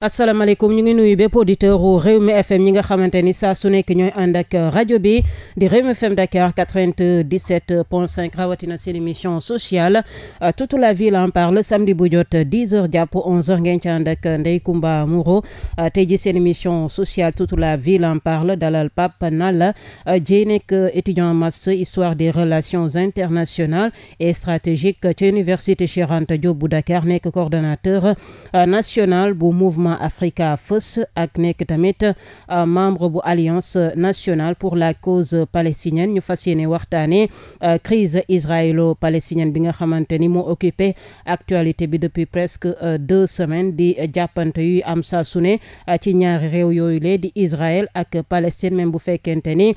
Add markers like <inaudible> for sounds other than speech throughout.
asalaamaaleykum ñu ngi nuyu bépp auditeur u Rewmi FM ñi nga xamante ni saa su nekk ñooy ànd ak rajo bi di Rewmi FM Dakar 97 point 5 rawatina seen émission sociale euh, toute la ville en parle samedi bu jot 10 heures jàpp 11 heures ngeen ci ànd ak Ndeye Comba Moreau euh, tey ji seen émission sociale toute la ville en parle dalal Pape Nalla euh, Dièye nekk étudiant en master histoire des relations internationales et stratégiques ci université Cheikh Anta Diop nekk coordonnateur national bu mouvement Africa Fës ak nekk tamit euh, membre bu alliance nationale pour la cause palestinienne ñu fas yéene waxtaanee euh, crise israélo-palestinienne bi nga xamante ni moo occupé actualité bi depuis presque euh, deux semaines di jàppante yuy am saa ci ñaari réew yooyu lee di Israël ak Palestine même bu fekkente ni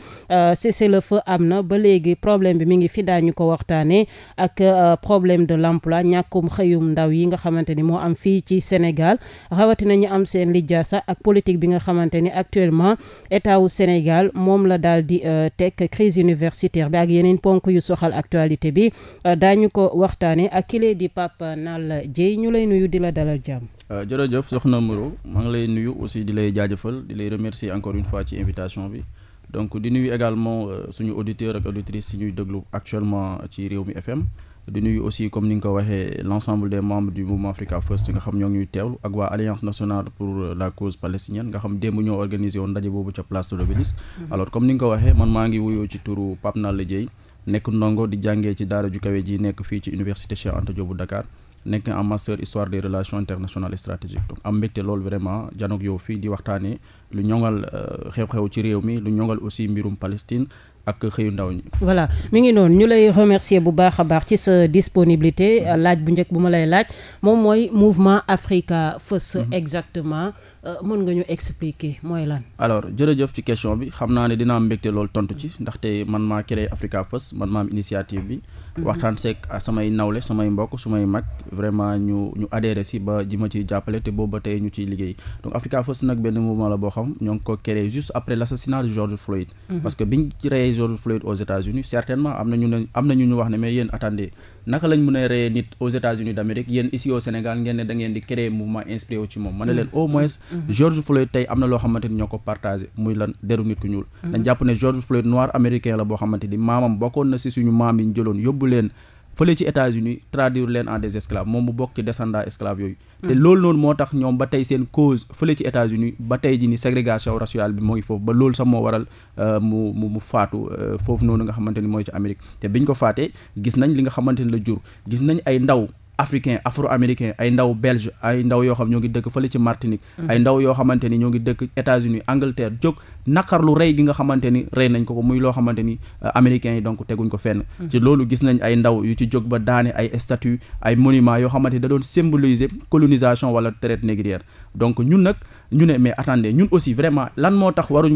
cessez-le-feu am na ba léegi problème bi mi ngi fi ñu ko waxtaanee ak problème de l'emploi ñàkkum xëyum ndaw yi nga xamante ni moo am fii ci Sénégal rawatina ñu am seen lijjaasa ak politique bi nga xamante ni actuellement état wu Sénégal moom la daal di euh, teg crise universitaire bi ak yeneen ponk yu soxal actualité bi euh, daañu ko waxtaanee ak kile di Pape Nalla Dièye ñu lay nuyu di la dalal jàmm. Euh, jërëjëf soxna Moreau maa ngi lay nuyu aussi di lay jaajëfal di lay remercier encore une fois ci invitation bi. donc di nuyu également euh, suñu auditeurs ak auditrices si ñuy déglu actuellement ci réew mi FM di nuyu aussi comme ni nga ko waxee l' ensemble des membres du mouvement Africa First nga xam ñoo ngi ñuy teewlu ak waa alliance nationale pour la cause palestinienne nga xam démb ñoo organisé woon ndaje boobu ca place de l'Obélisque mhm. alors comme ni nga ko waxee man maa ngi wuyoo ci turu Pape Nalla Dieye nekk ndongo di jàngee ci daara ju kawe ji nekk fii ci université Cheikh Anta Diop bu Dakar nekk en master histoire des relations internationales et stratégiques donc am mbégte di waxtaanee lu ñoŋal euh, xew-xew ci réew mi lu ñoŋal aussi mbirum Palestine ak xëyu ndaw ñi. voilà mi ngi noonu ñu lay remercier bu baax a baax ci sa disponibilité laaj bu njëkk bu ma lay laaj moom mooy mouvement Africa fës mhm. exactement euh, mën nga ñu expliquer mooy lan. alors jërëjëf ci question bi xam naa ne dinaa mbégte loolu tontu ci ndaxte man maa créé Africa fës man maam initiative bi. Mm-hmm. waxtaan seeg ah, samay nawle samay mbokk su may mag vraiment ñu ñu adhéré si ba ji ma ciy jàppale te boobu ba tey ñu ciy liggéey donc Africa First nag benn mouvement la boo xam ñoo ko créé juste après l' George Floyd. Mm-hmm. parce que biñ reyee George Floyd aux États-Unis certainement am na ñu ne am na ñu ñu wax ne mais yéen attendez naka lañ mën a reyee nit aux États-Unis d'Amérique yéen ici au Sénégal ngeen ne di créer mouvement inspiré wu ci moom ma ne leen au moins mm-hmm. Mm-hmm. George Floyd tey am na loo xamante ni ñoo ko partagé muy lan deru nit ku ñuul mm-hmm. dañ jàpp ne George Floyd noir américain la boo xamante ni maamam bokkoon na si suñu maam yi ñu jëloon yóbbu leen fële ci États-Unis traduire leen en des esclaves moom mu bokk ci descendant esclaves yooyu. Mm. te loolu noonu moo tax ñoom ba tey seen cause fële ci États-Unis ba tey ji ni ségrégation raciale bi mooy ngi foofu ba loolu sax moo waral euh, mu mu mu faatu euh, foofu noonu nga xamante ni mooy ci Amérique te biñ ko faatee gis nañ li nga xamante ni la jur gis nañ ay ndaw. africain afro-américain ay ndaw belge ay ndaw yoo xam ñoo ngi dëkk fële ci Martinique. Mm-hmm. ay ndaw yoo xamante ni ñoo ngi dëkk États-Unis Angleterre jóg naqarlu rey gi nga xamante ni rey nañ ko ko muy loo xamante ni euh, américains yi donc teguñ ko fenn. Mm-hmm. ci loolu gis nañ ay ndaw yu ci jóg ba daane ay statue ay monument yoo xamante ni da doon symboliser colonisation wala traite négrière donc ñun nag ñu ne mais attendez ñun aussi vraiment lan moo tax waruñ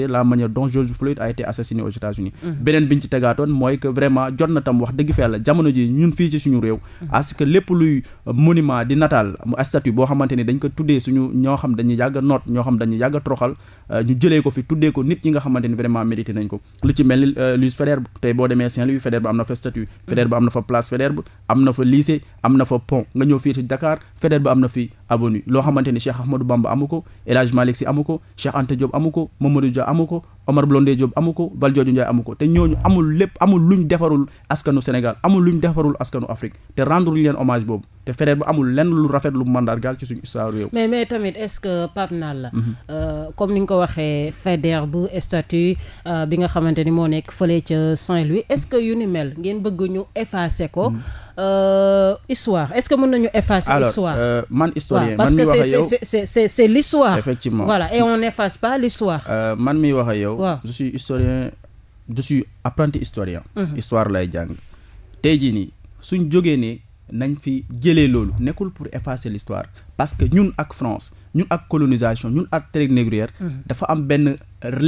a dénoncé la manière dont George Floyd a été assassiné aux États-Unis mhm. beneen bi ñu ci tegaatoon mooy que vraiment jot na tam wax dëgg fa jamono ji ñun fii ci suñu réew parce mhm. lépp luy monument di nataal statut boo xamante ni dañ ko tuddee suñu ñoo xam dañuy yàgg a noot ñoo xam dañuy yàgg a troxal euh, ñu jëlee ko fi tuddee ko nit ñi nga xamante ni vraiment mérité nañ ko lu ci mel ni euh, Louis Faidherbe tey boo demee Saint-Louis Faidherbe am na fa statut mhm. Faidherbe am am na fa lycée am na fa avenue loo xamante ni Cheikh Ahmadou Bamba amu ko El Hadj Malick Sy amu ko Cheikh Anta Diop amu ko Mamadou Dia amu ko Omar Blondin Diop amu ko Valdiodio Ndiaye amu ko te ñooñu amul lépp amul luñ defarul askanu Sénégal amul luñ defarul askanu Afrique te rendre luñ leen omage boobu te feneen bu amul lenn lu rafet lu mandargaal ci suñu histoire réew. mais mais tamit est que Pape Nalla la. Mhm. Euh, comme ni nga ko waxee FEDER bu statut euh, bi nga xamante ni moo nekk fële ca Saint-Louis est-ce que yu ni mel ngeen bëgg ñu effacer ko. Mm. Euh, histoire est-ce que mën nañu effacer. histoire alors euh, man historien. man mi wa yow parce voilà et on n'efface man mi wax yow. waaw je suis historien je suis mhm. histoire lay jàng. tey jii nii suñ jógee ne nañ fi jëlee loolu nekkul pour effacer l'histoire parce que ñun ak France ñun ak colonisation ñun ak traite mhm. dafa am benn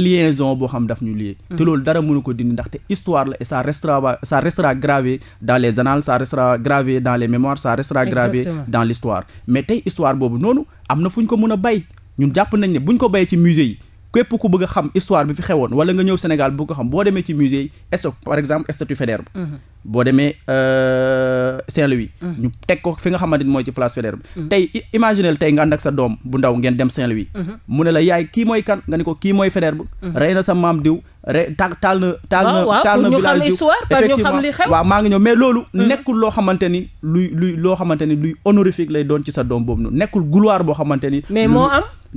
liaison boo xam daf ñu lié. Mhm. te loolu dara mënu ko dindi ndaxte histoire la et ça restera ça gravé dans les annales ça restera gravé dans les mémoires ça restera gravé Exactement. dans l'histoire mais tey histoire boobu noonu am na fu ñu ko mën a bay ñun jàpp nañ ne buñ ko bay ci yi. képp ku bëgg a xam histoire bi fi xewoon wala nga ñëw Sénégal bëgg ko xam boo demee ci musée stock par exemple statue mm-hmm. boo demee euh, Saint-Louis mm-hmm. ñu teg ko fi nga xamante ni mooy ci place Faidherbe mm-hmm. tey imaginel tey nga ànd ak sa doom bu ndaw ngeen dem Saint-Louis mu ne la yaay kii mooy kan nga ne ko kii mooy Faidherbe rey na sa maam diw re taal taal na taal na taal na village effectivement waaw maa ngi ñëw mais loolu nekkul loo xamante ni luy luy loo xamante ni luy honorifique lay doon ci sa doom boobu noonu nekkul gloire boo xamante ni mais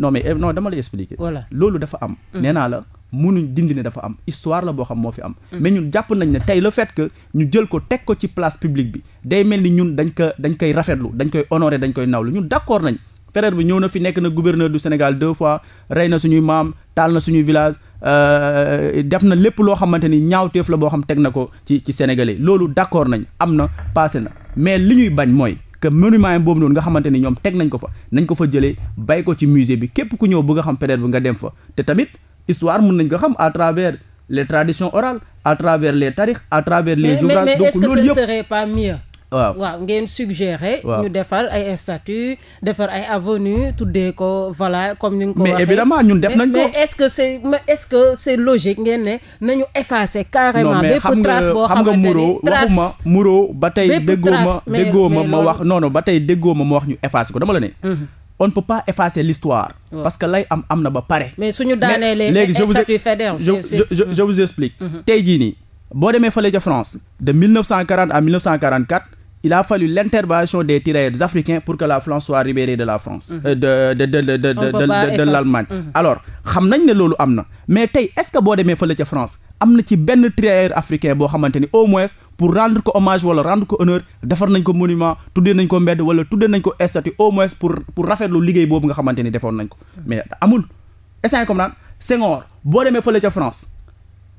non mais eh, non dama lay expliquer. voilà loolu dafa am. Mm. nee naa la munuñ dindi ne dafa am histoire la boo xam moo fi am. Mm. mais ñun jàpp nañ ne tey le fait que ñu jël ko teg ko ci place publique bi day mel ni ñun dañ ko dañ koy rafetlu dañ koy honorer dañ koy nawlu ñun d'accord nañ. frère bi ñëw na fi nekk na gouverneur du Sénégal deux fois rey na suñuy maam taal na suñuy village euh, def na lépp loo xamante ni ñaawteef la boo xam teg na ko ci ci sénégalais loolu d'accord nañ am na passé na mais li ñuy bañ mooy. que monument yi boobu noonu nga xamante ni ñoom teg nañ ko fa nañ ko fa jële bàyyi ko ci musée bi képp ku ñëw bëgg a xam peut bu nga dem fa te tamit histoire mun nañ ko xam à travers les traditions orales à travers les tarix à travers les ouvrages donc loolu yëpp waaw waaw ngeen suggéré ñu defar ay statut defar ay avenue tuddee ko voilà comme ni nga ko waxee mais évidemment ñun def nañ ko mais que c'est est-ce que c'est logique ngeen ne nañu effacer carrément bépp trace boo xam nga muro waxuma muro ba tey déggoo ma déggoo ma ma wax noonu ba tey déggoo ma ma wax ñu effacer ko dama la ne mhm. on ne peut pas effacer l'histoire parce que lay am am na ba pare. mais suñu daanee léegi je vous je je je vous explique. Mhm. tey jii nii boo demee fële ca France de 1940 à 1944 il a fallu l'intervention des tirailleurs africains pour que la France soit libérée de la France. Mhm. Euh, de de de de de de de l'Allemagne. Mhm. alors xam nañ ne loolu am na mais tey est-ce que boo demee fële ca France am na ci benn tirailleur africain boo xamante ni au moins pour rendre ko hommage wala rendre ko honneur defar nañ ko monument tuddee nañ ko mbedd wala tuddee nañ ko statue au moins pour pour rafetlu liggéey boobu nga xamante ni nañ ko mhm. mais amul. est-ce que comme boo demee fële ca France.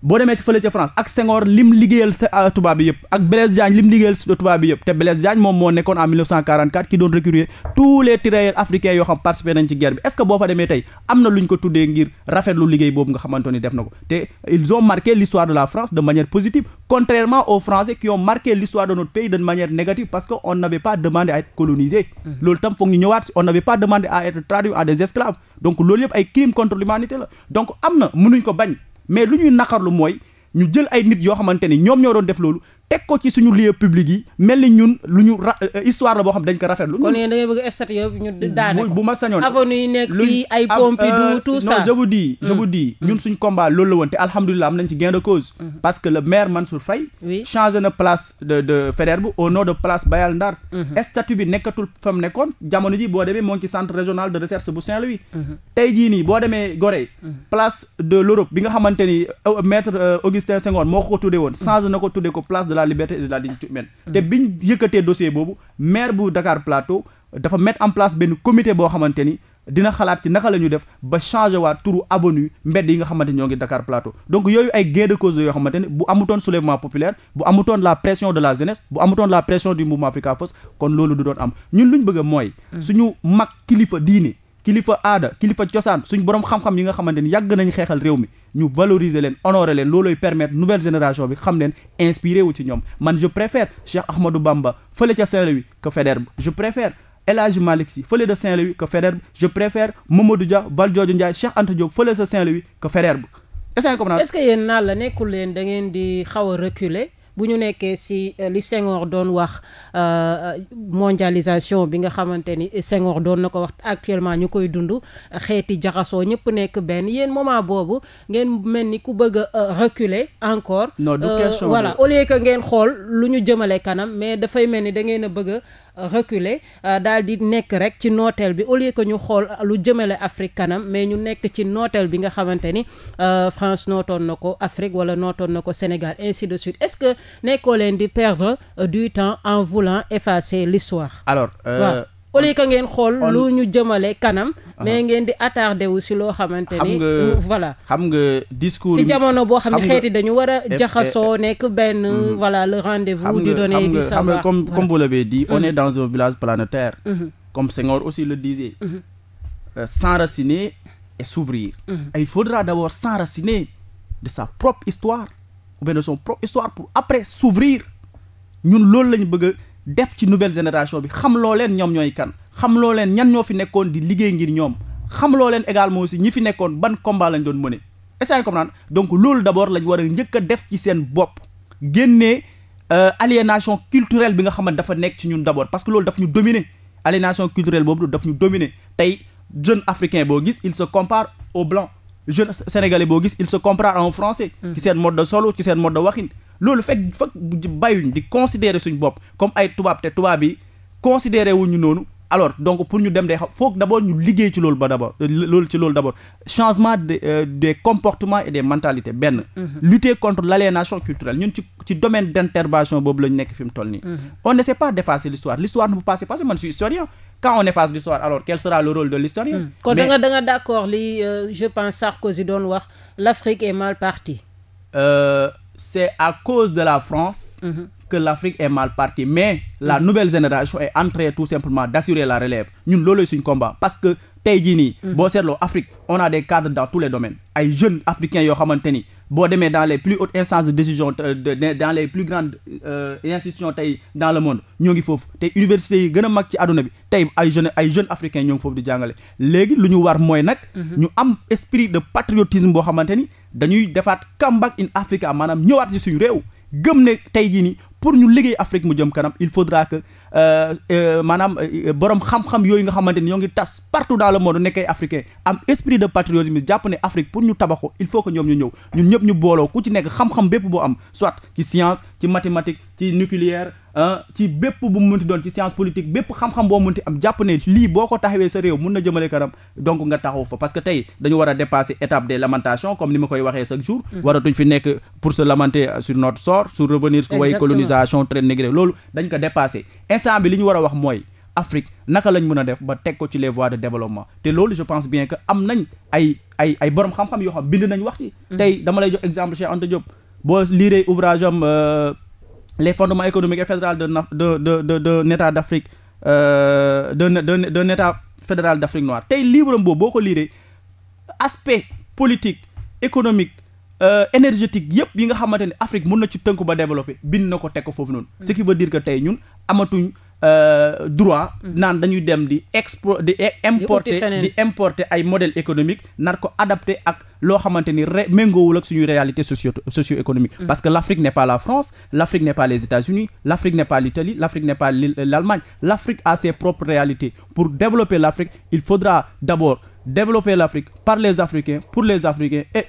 boo demee ci fële ca France ak Senghor lim liggéeyal sa euh, tubaab bi yëpp ak Blaise Diagne lim liggéeyal sa tubaab yëpp te Blaise Diagne moom moo nekkoon en ki doon recruter tous les tirailleurs africains yoo xam participé nañ ci guerre bi boo fa demee tey am na lu ko tuddee ngir rafetlu liggéey boobu nga xamante def na ko te ils ont marqué l'histoire de la France de manière positive contrairement aux Français qui ont marqué l'histoire de notre pays de manière négative on n'avait pas demandé à être colonisé mhm. loolu tam foog ñu ñëwaat on n'avait pas demandé à na ko bañ mais lu ñuy naqarlu mooy ñu jël ay nit yoo xamante ni ñoom ñoo doon def loolu teg ko ci suñu lieu public yi mel ni ñun lu ñu ra euh, euh, histoire la boo xam dañ ko rafetlu. kon yéen da ngay bëgg stade yëpp ñu daane ko bu ma sañoon avenue yi nekk fii ay Pompidou euh, tout ça non je mm. Mm. ñun suñ combat loolu la woon te alhamdulilah am nañ ci gain de cause. Mm. parce que le maire man su oui changé na place de de Faidherbe au nom de place Bayal Ndar. Mm-hmm. statut bi nekkatul fa mu nekkoon jamono ji boo demee moo ngi ci centre régional de recherche bu Saint-Louis. Mm-hmm. tey jii nii boo demee Gorée. Mm-hmm. place de l'Europe bi nga xamante ni maître Augustin Senghor moo ko ko tuddee woon ko tuddee ko place la liberté et de la dignité humaine mm. te biñ yëkkatee dossier boobu maire bu Dakar Plateau dafa mettre en place benn comité boo xamante ni dina xalaat ci naka la ñu def ba changé waa turu avenue mbedd yi nga xamante ñoo ngi Dakar Plateau donc yooyu ay gain de cause yoo xamante ne bu amutoon soulèvement populaire bu amutoon la pression de la jeunesse bu amutoon la pression du mouvement Africa First kon loolu du doon am ñun lu ñu bëgg mooy mm. suñu mag kilifa diine kilifa aada kilifa cosaan suñ borom xam-xam yi nga xamante ni yàgg nañ xeexal réew mi ñu valoriser leen honorer leen looloy permettre nouvelle génération bi xam leen inspiré wu ci ñoom man je préfère Cheikh Ahmadou Bamba fële ca Saint-Louis que Faidherbe je préfère El Hadj Malick Sy fële de Saint-Louis que Faidherbe je préfère Mamadou Dia Valdiodio Ndiaye Cheikh Anta Diop fële sa Saint-Louis que Faidherbe est-ce que yéen naa la nekkul leen da ngeen di xaw a reculer bu ñu nekkee si eh, li Senghor doon wax euh, euh, mondialisation bi nga xamante ni Senghor doon na ko wax actuellement ñu koy dund xeeti jaxasoo ñëpp nekk benn yéen moment boobu ngeen mel ni ku bëgg euh, reculer encore. non voilà au lieu que ngeen xool lu ñu jëmale kanam mais dafay mel ni da ngeen a bëgg reculer euh, daal di nekk rek ci nooteel bi au lieu que ñu xool lu jëmale Afrique kanam mais ñu nekk ci nooteel bi nga xamante ni euh, France nootoon na ko Afrique wala nootoon na ko Sénégal ainsi de suite est-ce que nekkoo leen di perdre euh, du temps en voulant effacer l'histoire alors au lieu que ngeen xool lu ñu jëmale kanam. Ah. mais ngeen di attardé wu si loo xamante euh, voilà xam nga discours. si jamono boo xam ne xeeti dañu war a jaxasoo nekk benn. Mm-hmm. voilà le rendez-vous du donner du savoir. xam nga comme on est mm-hmm. dans un village planétaire. Mm-hmm. comme Senghor aussi le disait. Euh, s'enraciner et s'ouvrir. il faudra d'abord s'enraciner de sa propre histoire ou bien de son propre histoire pour après s'ouvrir ñun loolu lañu bëgg def ci nouvelle génération bi xam loo leen ñoom ñooy kan xam loo leen ñan ñoo fi nekkoon di liggéey ngir ñoom xam loo leen également aussi ñi fi nekkoon ban combat lañ doon mëne est-ce que comprendre donc loolu d'abord lañ war njëkk def ci seen bopp génnee euh, aliénation culturelle bi nga xamante dafa nekk ci ñun d'abord parce que loolu daf ñu dominer aliénation culturelle boobu daf ñu dominer tey jeune africain boo gis il se compare au blanc jeune sénégalais boo gis il se compare en français. Mm. solo ci seen mode de loolu fekk fekk bàyyuñ di considérer suñ bopp comme ay tubaab te tubaab yi considéré wuñu noonu alors donc pour ñu dem day xam foog d' ñu liggéey ci loolu ba d' abord loolu ci loolu d' abord changement de euh, des et des mentalités benn. Mm -hmm. lutter contre l' aliénation culturelle ñun ci ci domaine d' intervention boobu la ñu nekk fi mu toll nii. Mhm. on n'essaie pas d' effacer l'histoire l'histoire ne peut pas s'effacer man je suis historien quand on efface l'histoire alors quel sera c'est à cause de la France mm -hmm. que l'Afrique est mal partie mais la mhm. nouvelle génération est en train tout simplement d'assurer la relève ñun loolu suñ combat parce que tey jii nii mhm. boo seetloo Afrique on a des cadres dans tous les domaines ay jeunes africains yoo xamante ni boo demee dans les plus hautes instances de décision euh, dans les plus grandes euh, institutions tey dans le monde ñoo ngi foofu te université yi gën a mag ci àdduna bi tey ay jeunes ay jeunes africains ñoo ngi foofu di jàngale léegi lu ñu war mooy nag mhm. ñu am esprit de patriotisme boo xamante ni dañuy defaat comeback in Africa maanaam ñëwaat ci suñu réew gëm ne tey jii ni pour ñu liggéey Afrique mu jëm kanam il faudra que Euh, euh, maanaam euh, borom xam-xam yooyu nga xamante ni ñoo ngi tas partout dans le monde nekkee africain am esprit de patriotisme jàpp ne Afrique pour ñu tabax il faut que ñoom ñu ñëw ñu ñëpp ñu booloo ku ci nekk xam-xam bépp boo am soit ci science ci mathématique ci nucléaire Ah, ci bépp bu mu mënti doon ci science politique bépp xam-xam boo mënti am jàpp ne lii boo ko taxawee sa réew mun na jëmale kanam donc nga taxaw fa parce que tey dañu war a dépasser étape des lamentations comme ni ma koy waxee chaque jour mm. waratuñ fi nekk pour se lamenter euh, sur notre sort sur revenir sur way colonisation traite négrière loolu dañ ko dépasser instant li ñu war a wax mooy Afrique naka lañ mën a def ba teg ko ci les de développement te les fondements économiques et fédéral de de de de d'un état d'Afrique euh, d'un d'un d'un état fédéral d'Afrique noire tey livre boobu boo ko liiree aspect politique économique euh, énergétique yépp yi nga xamante ne Afrique mun na ci tënk ba développer bind na ko teg ko foofu noonu. ce qui veut dire que tey ñun amatuñ. Euh, droit mm. naan dañuy dem di expo di e-, importer di importer ay modèle économique nar ko adapté ak loo xamante ni re méngoowul ak suñuy réalité socio socio-économique mm. parce que l'Afrique n'est pas la France l'Afrique n'est pas les États-Unis l'Afrique n'est pas l'Italie l'Afrique n'est pas l'Allemagne l'Afrique a ses propres réalités pour développer l'Afrique il faudra d'abord développer l'Afrique par les Africains pour les Africains et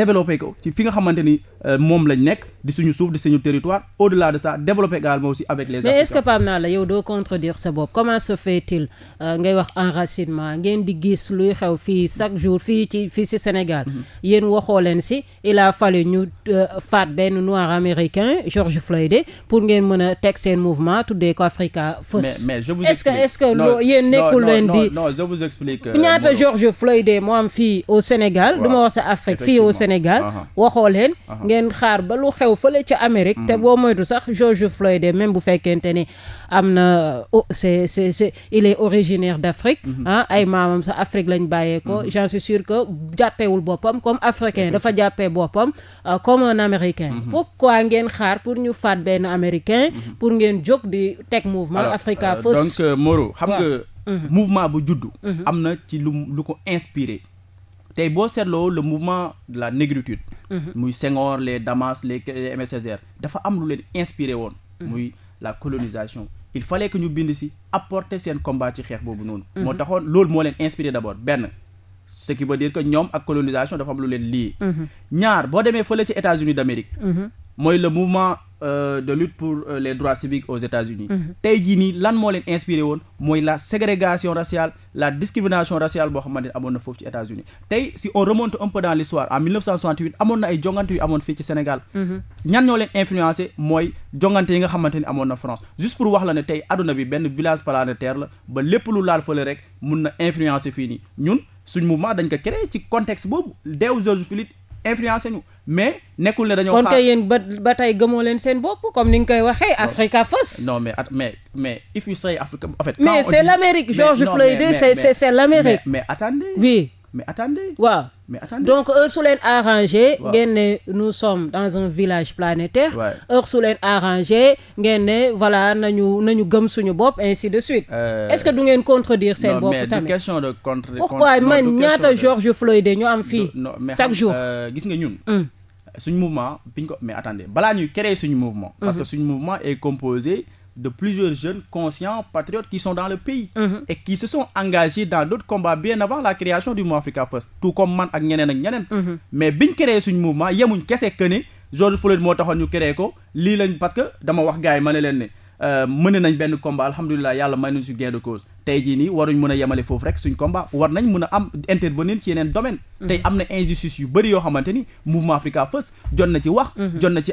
développer ko ci fi nga xamante ni euh, moom lañ nekk di suñu suuf di suñu territoire au de ça développer également aussi avec les. Euh, fii ci fii ci Sénégal. Mhm. yéen si il a fallu ñu euh, faat benn noir américain George Floyd pour ngeen a teg seen mouvement tuddee ko Africa First. mais mais je vous explique est ce que est ce que loo yéen nekkul au Sénégal. du wax sa Afrique fii au Sénégal waxoo leen ngeen xaar ba lu xew fële ca Amérique mhm. te boo moytu sax George Floyd même bu fekkente ni am na oh, c'est c'est c'est il est originaire d'Afrique mhm. ah ay maamam sax Afrique lañ bàyyee ko mhm. j'en suis que jàppewul boppam comme africain dafa jàppee boppam euh, comme un américain pourquoi ngeen xaar pour ñu faat benn américain pour ngeen jóg di teg mouvement Africa euh, First donc euh, Moro xam nga mouvement bu juddu am na ci lu lu ko inspiré tey boo seetloo le mouvement de la négritude. Mhm. muy Senghor les Damas les Aimé Césaire dafa am lu leen inspiré woon. Mhm. muy la colonisation. il fa que ñu bind si apporte seen combat ci xeex boobu noonu. Mhm. moo taxoon loolu moo leen inspiré d' abord benn. ce qui veut dire que ñoom ak colonisation dafa am lu leen lii. ñaar boo demee fële ci États-Unis d' mooy le mouvement. Euh, de lutte pour euh, les droits civiques aux États-Unis mm-hmm. tey jii nii lan moo leen inspiré woon mooy la ségrégation raciale la discrimination raciale boo xamante ne amoon na foofu ci États-Unis tey si on remonte un peu dans l'histoire en 1968 amoon na ay jongante yu amoon fii ci Sénégal mm-hmm. ñan ñoo leen influencé mooy jongante yi nga xamante ni amoon na France juste pour wax la ne tey adduna bi benn village planétaire la ba lépp lu laal fële rek mun na influencer fii nii ñun suñ mouvement dañ ko créé influencé ñu mais nekkul ne dañoo. xaar ba ba tey gëmoo leen seen bopp comme ni nga koy waxee. Africa First. non mais mais mais if you say Africa en fait. c'est l'Amérique George Floyd c'est l'Amérique mais attendez. waaw mais attendez donc heure su leen arrangé. ngeen ne nous sommes dans un village planétaire. heure su leen arrangé ngeen ne voilà nañu nañu gëm suñu bopp ainsi de suite. Euh, est-ce que du ngeen contredire seen bopp tamit mais question de contre. pourquoi man ñaata George Floyd ñoo am fii. chaque jour euh, gis nga ñun. Hmm. suñu mouvement biñ ko mais attendez balaa ñuy créer suñu mouvement. Hmm. parce que suñu mouvement est composé. de plusieurs jeunes conscients, patriotes qui sont dans le pays mmh. et qui se sont engagés dans d'autres combats bien avant la création du Mouvement Africa First tout comme man ak ñeneen ak ñeneen mhm. mais biñ créé suñu mouvement yemuñ kese que ne George Floyd moo taxoon ñu créé ko lii lañ parce que dama wax gars yi ma ne leen ne Euh, mën nañ benn combat alhamdulilah yàlla may nañ su gain de cause tey jii nii waruñ mën a yemale foofu rek suñ combat war nañ mun a am intervenir ci yeneen domaine mm-hmm. tey am na injustice yu bëri yoo xamante ni mouvement Africa First jot na ci wax mm-hmm. jot na ci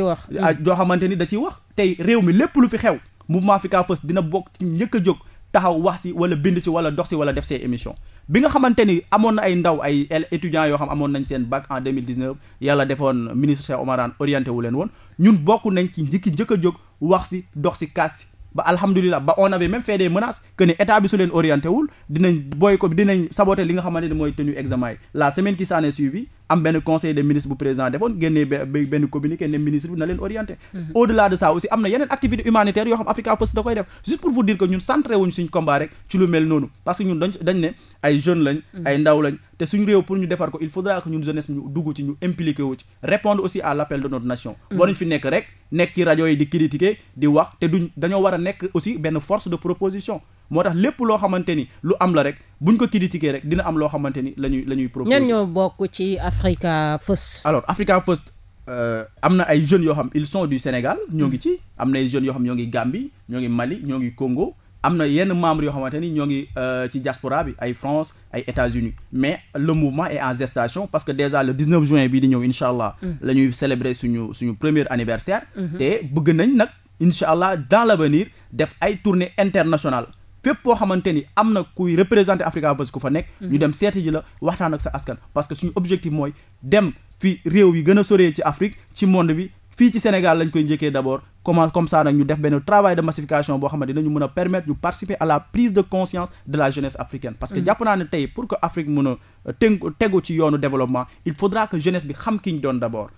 wax a ah, joo xamante ni da ciy wax tey réew mi lépp lu fi xew mouvement Africa First dina bokk ci njëkk jóg taxaw wax si wala bind si wala dox si wala def see émission bi nga xamante ni amoon na ay ndaw ay étudiants yoo xam amoon nañ seen bac en 2019 yàlla defoon ministre Cheikh Oumar Anne leen woon ñun bokk nañ ci njëkki njëkk a jóg wax si dox si kaas si ba alhamdulilah ba on avait même fait des menaces que ne état bi su leen orienté dinañ booy ko dinañ saboté li nga xamante ne mooy tenue examen yi la semaine qui s'en est suivie am benn conseil des ministres bu président defoon génnee benn communiqué ne ministre bi na leen orienté mhm. au delà de ça aussi am na yeneen activité humanitaire yoo xam Africa First koy def juste pour vous dire que ñun centré wuñ suñ combat rek ci noonu parce que ñun dañ dañ ne mhm. ndaw lañ te suñu réew pour ñu defar ko il faudra que ñun jeunesse ñu dugg ci ñu impliqué wu ci répondre aussi à l' appel de notre nation mm. waruñ fi nekk rek nekk ci rajo yi di critiquer di wax te duñ dañoo war a nekk aussi benn force de proposition moo tax lépp loo xamante ni lu am la rek buñ ko critiquer rek dina am loo xamante ni la ñuy la ñuy proposer ñan ñoo bokk ci Africa First alors Africa First Euh, am na ay jeunes yoo xam ils sont du Sénégal ñoo ngi ci am na ay jeunes yoo xam ñoo ngi Gambie ñoo ngi Mali ñoo ngi Congo am na yenn membres yoo xamante ni ñoo ngi euh, ci diaspora bi ay France ay États-Unis mais le mouvement est en gestation parce que déjà le 19 juin bii di ñëw incha allah. Mm. la ñuy célébrer suñu suñu premier anniversaire. Mm-hmm. te bëgg nañ nag incha allah dans l'avenir def ay tournée internationale. fépp koo xamante ni am na kuy représenter Africa Buzz ku fa nekk. Mm-hmm. ñu dem seeti ji la waxtaan ak sa askan. parce que suñu objectif mooy dem fi réew yi gën a soree ci Afrique ci monde bi fii ci Sénégal lañ koy njëkkee d'abord comment comme ça nag ñu def benn travail de massification boo xamante dinañu mën a permettre ñu participer à la prise de conscience de la jeunesse africaine parce que mm. jàpp naa ne tey pour que Afrique mën a euh, tegu ci yoonu développement il faudra que jeunesse bi xam ki ñu doon d'abord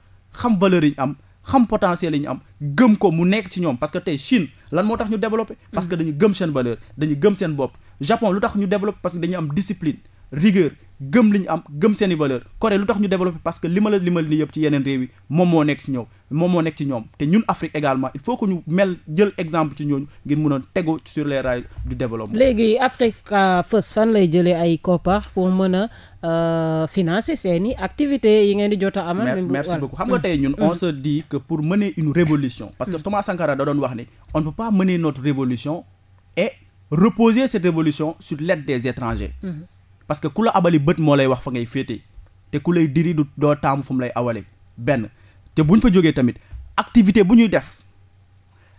xam valeur yi ñu am xam potentiel yi ñu am gëm ko mu nekk ci ñoom parce que tey Chine lan moo tax ñu développé parce que mm. dañu gëm seen valeur dañu gëm seen bopp Japon lu tax rigueur gëm li ñu am gëm seeni i valeur Corée lu tax ñu développé parce que li ma la limal ni yëpp ci yeneen réew yi moom moo nekk ci ñoom moom moo nekk ñoom te ñun Afrique également il faut que ñu mel jël exemple ci ñooñu ngir mun a tegu sur les rails du développement. léegi Africafos ah, fan lay jëlee ay koppar pour mën a euh, financer seen i activités yi ngeen di jot a amal. merci beaucoup xam nga mm. tey ñun on mm. se dit que pour mener une révolution parce que mm. Thomas Sankara da doon wax ni on ne peut révolution et reposer cette révolution sur l'aide des étrangers. parce que ku la abali bët moo lay wax fa ngay féete te ku lay diri du doo taamu fu mu lay awale benn te bu ñu fa jógee tamit activité bu ñuy def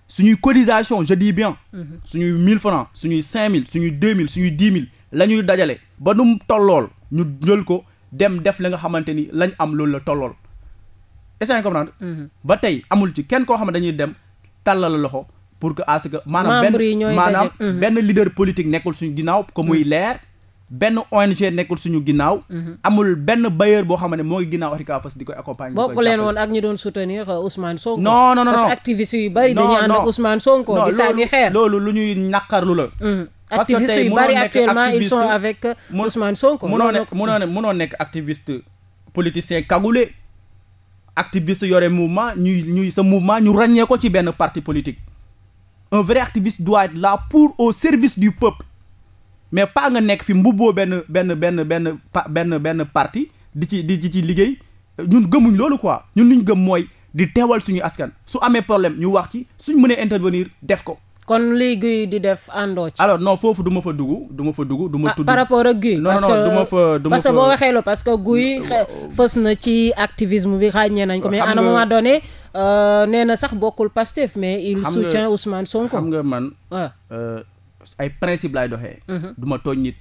suñuy cotisation je dis bien. Mhm. suñuy 1000 francs suñuy 5000 suñuy 2000 suñuy 10 000 la ñuy dajale ba nu mu tollool ñu jël ko dem def li nga xamante ni lañ am loolu la tollool. est-ce que mhm. ba tey amul ci kenn koo xam ne dañuy dem tàllal loxo pour que à ce que. maanaam benn maanaam mhm. benn leader politique nekkul suñu ginnaaw. ko muy leer. benn ONG nekkul suñu ginnaaw. Mhm. amul benn bailleur boo xam ne moo ngi ginnaaw Oricafos di koy accompagner. di koy bokk leen woon ak ñu doon soutenir euh, Ousmane Sonko. non non non parce que lu ñuy naqarlu la. Mm. parce que tey mënoo nekk activiste ils sont avec euh, Ousmane Sonko. mënoo nekk mënoo nekk mënoo nekk activiste politicien cagoulé activiste yore mouvement ñuy ñuy sa mouvement ñu ràññee ko ci benn parti politique. un vrai activiste doit là pour au service du peuple. mais pas nga nekk fi mbubboo benn benn benn benn pa benn benn parti di ci di ci liggéey ñun gëmuñ loolu quoi ñun liñ gëm mooy di teewal suñu askan su amee problème ñu wax ci suñ mënee intervenir def ko. kon liy guy di def àndoo ci. alors non foofu du ma fa dugg du ma fa dugg. du ma ah, tudd par rapport ak guy. non non ma fa du la parce que guy fës na ci activisme bi ràññee nañ ko. mais à un moment donné euh, nee na sax bokkul Pastef mais il soutient Ousmane Sonko. ko nga man. Euh, ay principe laay doxee. Mhm. du ma tooñ nit.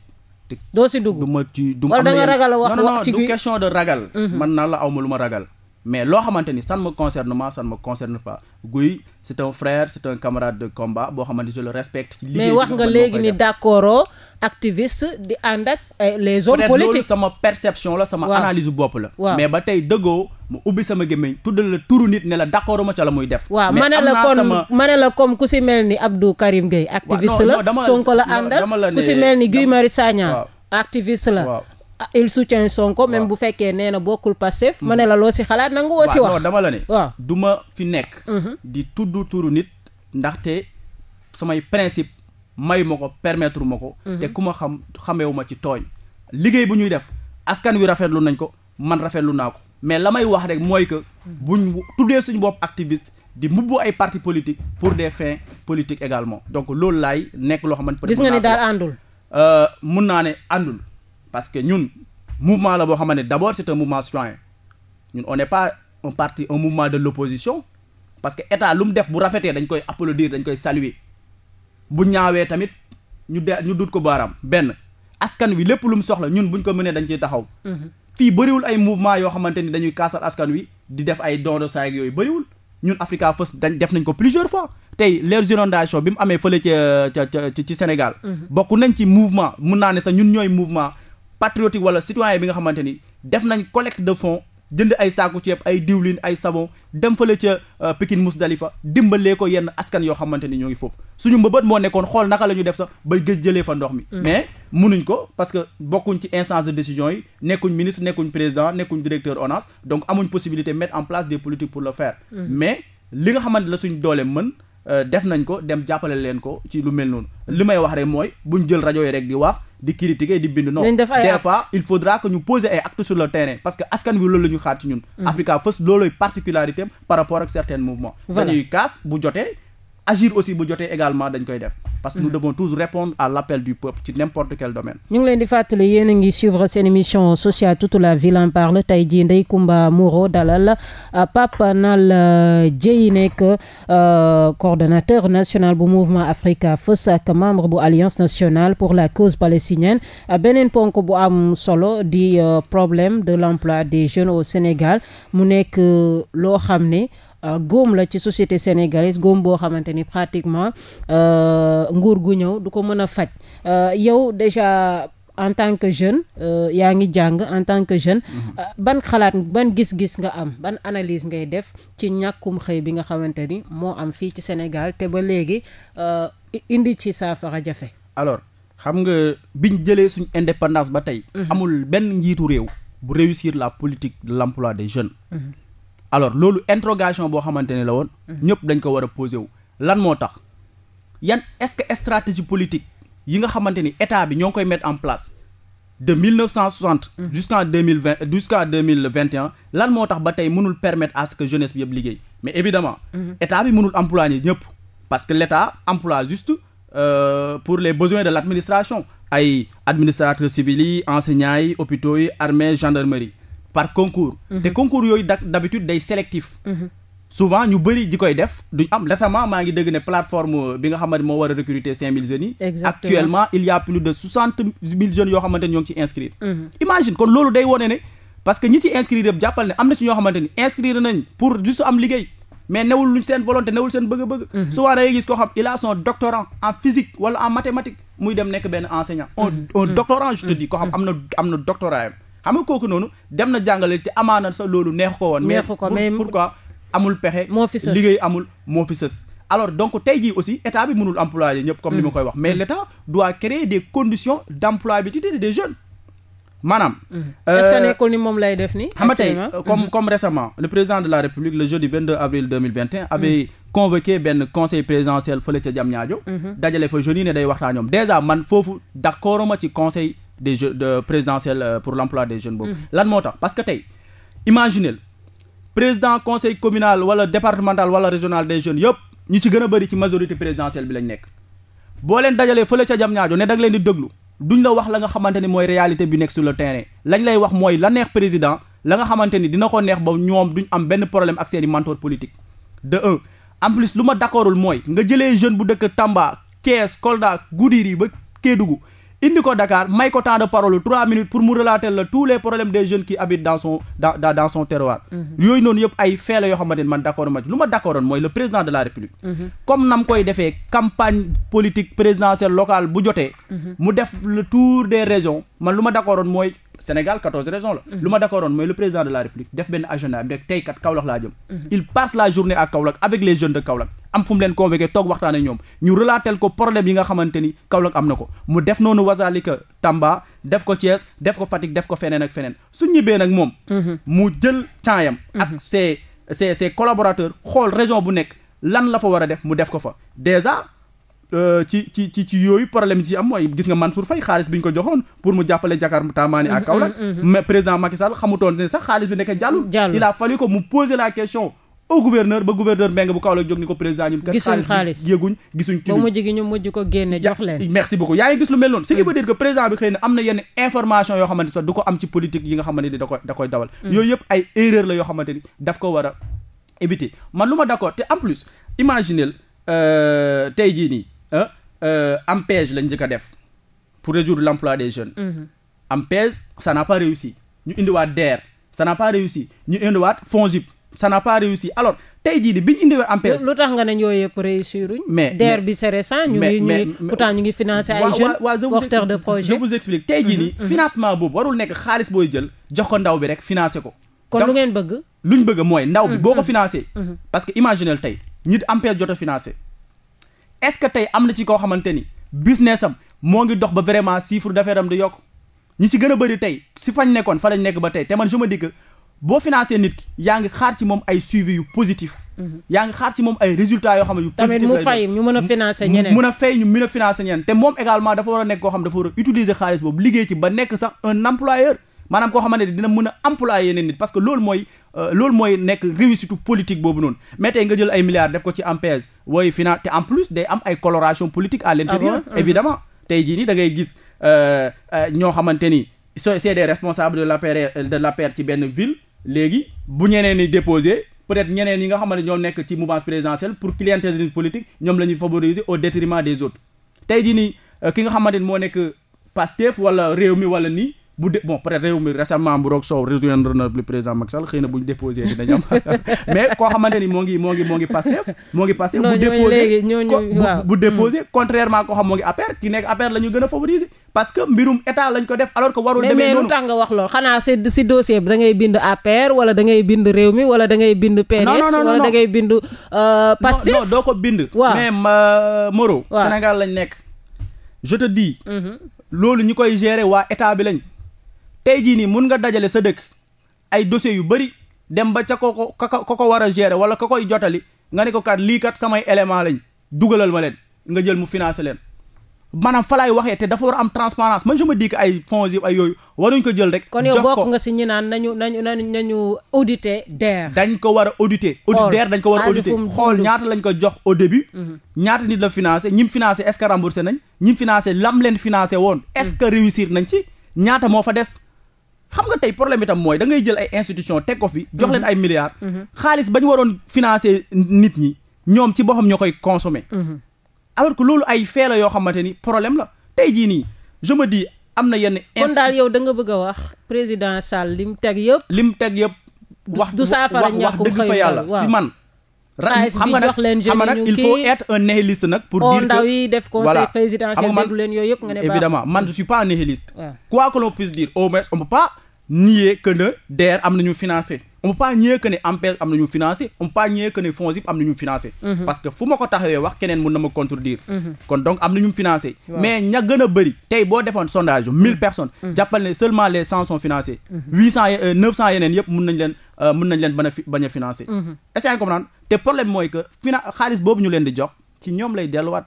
doo si dugg du ma ci du ma. wala da nga ragal wax wax si du question de ragal. Mhm. man naa la aw ma lu ma ragal. mais loo xamante ni ça ne me concerne pas ça ne me concerne Guy c' est frère c' est camarade de combat boo xamante ni je respecte. ci liggéey mais wax nga léegi ni d' accord activiste di ànd ak eh, les hommes politiques sama perception la sama analyse bopp la mais ba tey dëggoo mu ubbi sama gémmiñ tuddal la turu nit ne la d' accord ma ca la muy def waaw ma ne la kon ma ne la comme ku si mel ni Abdou Karim Gueye activiste la Sonko la àndal ku si mel ni Guy Marius Sagna activiste Ah, il soutient Sonko même bu fekkee nee na bokkul Pastef ma ne la loo si xalaat nangu woo si wax non dama la ne waaw du ma fi nekk mhm. di tudd turu nit ndaxte samay principe mayuma ko permettre ma ko mhm. te ku ma xam xamewu ma ci tooñ liggéey bu ñuy def askan wi rafetlu nañ ko man rafetlu naa ko mais la may wax rek mooy que buñ tuddee suñu bopp activiste di mbubbu ay parti politique pour des fin politiques également donc loolu laay nekk loo xamante gis nga ni daal àndul euh, mun naa ne àndul parce que ñun mouvement la boo xamante ne d' abord c' est un mouvement citoyen ñun on n' est pas un parti un mouvement de l' opposition parce que état lu mu def bu rafetee dañ koy applaudir dañ koy saluer bu ñaawee tamit ñu de ñu dut ko baaraam benn askan wi lépp lu mu soxla ñun buñ ko mënee dañ ciy taxaw. Mhm. fii bëriwul ay mouvement yoo xamante ni dañuy kaasal askan wi di def ay don de yooyu bëriwul ñun Africa First dañ def nañ ko plusieurs fois tey les inondations bi mu amee fële ci Sénégal. Mhm. bokk nañ ci mouvement mun naa ne sax ñun ñooy mouvement. patriotique wala citoyen bi nga xamante ni def nañ collecte de fonds jënd ay saaku ceeb ay diwlin ay savon dem fële ca euh, Pikine Musdalifa dimbalee ko yenn askan yoo xamante ni ñoo ngi foofu suñu mbëbët moo nekkoon xool naka la ñu def sax ba gëj jëlee fa ndox mi. Mm. mais munuñ ko parce que bokkuñ ci instance de décision yi nekkuñ ministre nekkuñ président nekkuñ directeur ONAS donc amuñ possibilité mettre en place des politiques pour le faire. Mm. mais li nga xamante la suñ doole mën. Euh, def nañ ko dem jàppale leen ko ci lu mel noonu li may wax rek mooy buñ jël rajo yi rek di wax di critiquer di bind non des fois il faudra que ñu poser ay actes sur le terrain parce que askan wi loolu la ñu xaar ci ñun mhm. Africa First loolooy particularité par rapport ak certains mouvements dañuy kaas bu jotee agir aussi bu jotee également dañ koy def parce que nous mm. devons tous répondre à l'appel du peuple ci n'importe quel domaine. ñu leen di fàttali yéen a ngi suivre seen émission sociale toute la ville en parle tey jii Ndeye Comba Moreau dalal euh, Pape Nal euh, Dieye nekk euh, coordonnateur national bu mouvement Africa Fës ak membre bu alliance nationale pour la cause palestinienne beneen ponk bu am solo di problème de l'emploi des jeunes au Sénégal mu nekk loo xam ne góom la ci société sénégalaise góom boo xamante ni pratiquement. nguur gu ñëw du ko mën a faj euh, yow déjà en tant que jeune euh, yaa ngi jàng en tant que jeune mhm. euh, ban xalaat ban gis-gis nga am ban analyse ngay def ci ñàkkum xëy bi nga xamante ni moo am fii ci Sénégal te ba léegi euh, indi ci saafara jafe alors xam nga biñ jëlee suñ indépendance ba tey mhm. amul benn njiitu réew bu réussir la politique de l'emploi des jeunes mm alors loolu introgation boo xamante ne la woon mhm. ñëpp dañ ko war a posé wu lan moo tax yan est-ce que stratégie politique yi nga xamante ni état bi ñoo koy mettre en place de 1960. Mm. jusqu'en 2020 jusqu'en 2021 lan moo tax ba tey mënul permettre à ce que jeunesse bi yëpp liggéey mais évidemment mm-hmm. état bi mënul employer ñëpp parce que l'état emploie juste euh, pour les besoins de l'administration ay administrateurs civils yi enseignants yi hôpitaux yi armée gendarmerie par concours mm-hmm. te concours yooyu d'habitude day sélectif mm-hmm. souvent ñu bëri di koy def duñ am récemment maa ngi dégg ne plateforme bi nga xamante moo war a recruter cinq mille jeunes yi actuellement il y a plus de soixante mille jeunes yoo xamante ne ngi ci inscrire mhm. imagine kon loolu day wone ne parce que ñi ci inscrire yëpp jàppal ne am na ci ñoo xamante ni inscrire nañ pour juste am liggéey mais newul luñ seen volonté newul seen bëgg-bëgg mhm. souvent da ngay gis koo xam il a son doctorant en physique wala en mathématique muy dem nekk benn enseignant un mhm. un doctorant je te noonu dem na jàngale amaana sa loolu neexu ko woon mais amul pexe. moo fi liggéey amul moo fi alors donc tey jii aussi état bi mënul employer ñëpp comme ni ma mm. koy wax mais mm. l' état doit créer des conditions bi employabilité des jeunes maanaam. Mm. Euh, est moom lay def nii. xam nga tey euh, comme mm-hmm. comme récemment le président de la république le jeudi 22 avril 2021. avait convoqué benn conseil présidentiel fële ca Diamniadio. Mm-hmm. dajale fa jeunes yi ne day waxtaan ñoom déjà man foofu d' ma ci conseil des jeunes de présidentiel euh, pour l' emploi des jeunes boobu. lan moo tax parce que tey imaginez président conseil communal wala départemental wala régional des jeunes yëpp ñi ci gën a bëri ci majorité présidentielle bi lañ nekk boo leen dajalee fële ca jam ñaajo ne da leen di déglu duñ la wax la nga xamante ni mooy réalité bi nekk sur le terrain lañ lay wax mooy la neex président la nga xamante ni dina ko neex ba ñoom duñ am benn problème ak seen i mentor politique de un lu ma d'accordul mooy nga jëlee jeune bu dëkk Tamba Thiès Kolda Goudiri ba Kédougou indi ko dakaar may ko temps de parole trois minutes pour mu relater la tous les problèmes des jeunes qui habitent dans son terroir. Mhm. yooyu noonu yëpp ay fee la xamante ni man d' ma ci lu ma d' accordoon mooy le président de la république. Mhm. comme nam koy defee campagne politique présidentielle locale bu jotee. Mhm. mu def le tour des régions man lu ma d' accordoon mooy. Sénégal 14 régions la. lu ma d'accordoon mooy le président de la République def benn agenda am rek tey kat Kaolack laa jëm. il la journée à Kaolack avec les jeunes de Kaolack. am fu mu leen convoqué toog waxtaan ak ñoom ñu relatel ko problème yi nga xamante ni Kaolack am na ko mu def noonu wasalika Tamba def ko Thiès def ko Fatick def ko feneen ak feneen su ñibbee nag moom mhm. mu jël temps yam ak mhm. ses ses ses xool région bu nekk lan la fa war a def mu def ko fa déjà euh, ci ci ci ci yooyu problème ji am mooy gis nga Mansour Faye xaalis bi ñu ko joxoon pour mu jàppale Jakarta maani ak mhm, Kaolack mais président Macky Sall xamutoon ne sax xaalis bi nekk jàllul il a fallu que mu poser la question au gouverneur ba gouverneur Mbengue bu Kaolack jóg ni ko président ñun kat xaalis yëguñ gisuñ ci ba mujj gi ñu mujj ko génne jox leen merci beaucoup yaa ngi lu mel noonu ce qui hmm. veut dire que président bi xëy am na yenn information yoo xamante sax du ko am ci politique yi nga xamante ni da koy dawal hmm. yooyu yëpp ay erreur la yoo xamante ni daf ko war a éviter man lu ma d'accord te en plus imaginez euh, tey jii nii euh, ANPEJ lañ njëkk a def pour résoudre l'emploi des jeunes hmm. ANPEJ ça n'a pas ñu indiwaat DER ça n'a ñu indiwaat FONGIP ça n'a pas alors tey jii di bi ñu indiwee ANPEJ. lu tax nga ne ñoo yëpp réussir mais DER bi c'est récent. ñu ngi ñu pourtant ñu ngi financé ay jeunes. porteurs de projet je vous explique tey jii nii. Mhm, mhm. financement boobu warul nekk xaalis booy jël jox ko ndaw bi rek financé ko. kon lu ngeen bëgg. luñ bëgg mooy ndaw bi mhm, boo ko financé. parce que imaginez tey ñi ANPEJ jot a financé est-ce que tey am na ci koo xamante ni business am moo ngi dox ba vraiment chiffre d'affaires am di yokk ñi ci gën a bëri tey si fañ nekkoon fa lañ nekk ba tey te man je me boo financé nit ki yaa ngi xaar ci moom ay suivi yu positif. Mhm. yaa ngi xaar ci moom ay résultats yoo xam ne yu. positif tamit mu fay ñu mën a financé ñeneen a fay ñu mën a financé ñeneen te moom également dafa war a nekk koo xam dafa war a utiliser xaalis boobu liggéey ci ba nekk sax un employeur. maanaam koo xamante ne dina mën a employé yeneen nit parce que loolu mooy euh, loolu mooy nekk réussite politique boobu noonu mais tey nga jël ay milliards def ko ci ANPEJ wooy finance te ay coloration politique à ah tey jii nii da ngay gis euh, euh, ñoo xamante ni c'est des responsables de l'APR de l'APR benn ville léegi bu ñeneen ni déposé peut-être ñeneen yi nga xamante ñoo nekk ci mouvance présidentielle pour clientélisme politique ñoom la ñuy favoriser au détriment des autres tey jii nii euh, ki nga xamante ni moo nekk Pastef wala réew mi wala nii bu dee bon peut être réew mi récemment bu roog soow rejoindre na le président Macky xëy na bu ñu déposé dinañ <laughs> mais koo xamante ni moo ngi moo ngi moo ngi passé moo ngi passé bu déposé bu hmm. déposé contrairement koo xam moo ngi APR ki nekk APR la ñu gën a favoriser parce que mbirum état lañ ko def alors que warul demee noonu mais mais lu wax loolu xanaa si si bi da bind APR wala da ngay bind réew mi wala da ngay bind PDS wala da ngay bind euh, Pastef non doo ko bind waaw mais Moro Sénégal lañ nekk je te mm-hmm. loolu ñi koy gérer waa état bi lañ tey jii nii mun nga dajale sa dëkk ay dose yu bëri dem ba ca koko koko ko war a gérer wala ka koy jotali nga ne ko kat lii kat samay élément lañ dugalal ma leen nga jël mu financé leen maanaam falaay laay waxee te dafa war a am transparence man je dikk dis que ay fonds ay yooyu waruñ ko jël rek. kon yow bokk nga si ñu naan nañu nañu nañu auditer DER. dañ ko war a auditer. auditer DER dañ ko war a auditer xool ñaata lañ ko jox au début. Mhm. ñaata nit la financé ñim finance est-ce que nañ ñim financé lam leen financé woon. ce mhm. que réussir nañ ci ñaata moo fa des. xam nga tey problème itam mooy da ngay jël ay institution teg ko fi jox leen mhm. ay milliards mhm. xaalis ba ñu waroon financé nit ñi ñoom ci boppam ñoo koy consommer mhm. alors que loolu ay fee yoo xamante ni problème la tey jii nii je me dis am na yenn kon daal yow da nga bëgg a wax président Sall lim teg yëpp lim teg yëpp wax du saafara ñàkkum xëy fa yàlla si man xam nga nag xam nga nag il faut être un nihiliste nag pour dire que ndaw yi def conseil présidentiel déglu leen yooyu yëpp nga ne évidemment man nier que ne DER am nañu financé on peut pas nier que ne AMPES am nañu financé on peut pas nier que ne FONSIP am nañu financé mhm. parce que fu ma ko taxawee wax keneen mun na ma contredire mhm. kon donc am nañu financé mais ña gën a bëri tey boo defoon sondage mille mhm. personnes jàppal ne seulement les cent sont financés huit cent euh, neuf cent yeneen yëpp mun nañ leen euh, mun nañ leen ban a bañ a financé est-ce te problème mooy que fina xaalis boobu ñu leen di jox ci ñoom lay delluwaat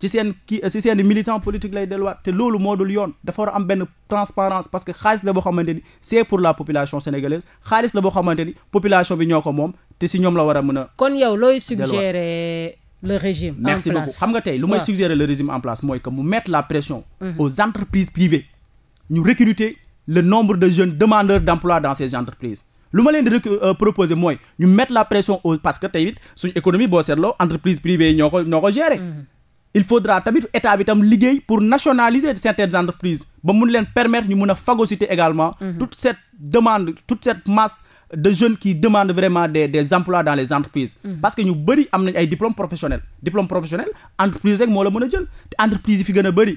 ci seen kii ci seen militant politique lay delluwaat te loolu moo dul yoon dafa war a am benn transparence parce que xaalis la boo xamante ni c'est pour la population sénégalaise xaalis la boo xamante ni population bi ñoo ko moom te si ñoom la war a mën a. kon yow looy suggérer le régime en place merci beaucoup xam nga tey lu may suggérer le régime en place mooy que mu mettre la pression. Mhm. aux entreprises privées ñu recruter le nombre de jeunes demandeurs d'emploi dans ces entreprises. lu ma leen di euh, proposer mooy ñu mettre la pression parce que tey it suñu économie boo seetloo entreprise privée yi ñoo ko ñoo ko il faudra tamit état bi tam liggéey pour nationaliser certaines entreprises ba mun leen permettre ñu mun a phagocyter également mhm. toute cette demande toute cette masse de jeunes qui demandent vraiment des des emplois dans les entreprises mhm. parce que ñu bëri am nañ ay diplôme professionnel diplôme professionnel entreprise rek moo la mën a jël te entreprise fi gën a bëri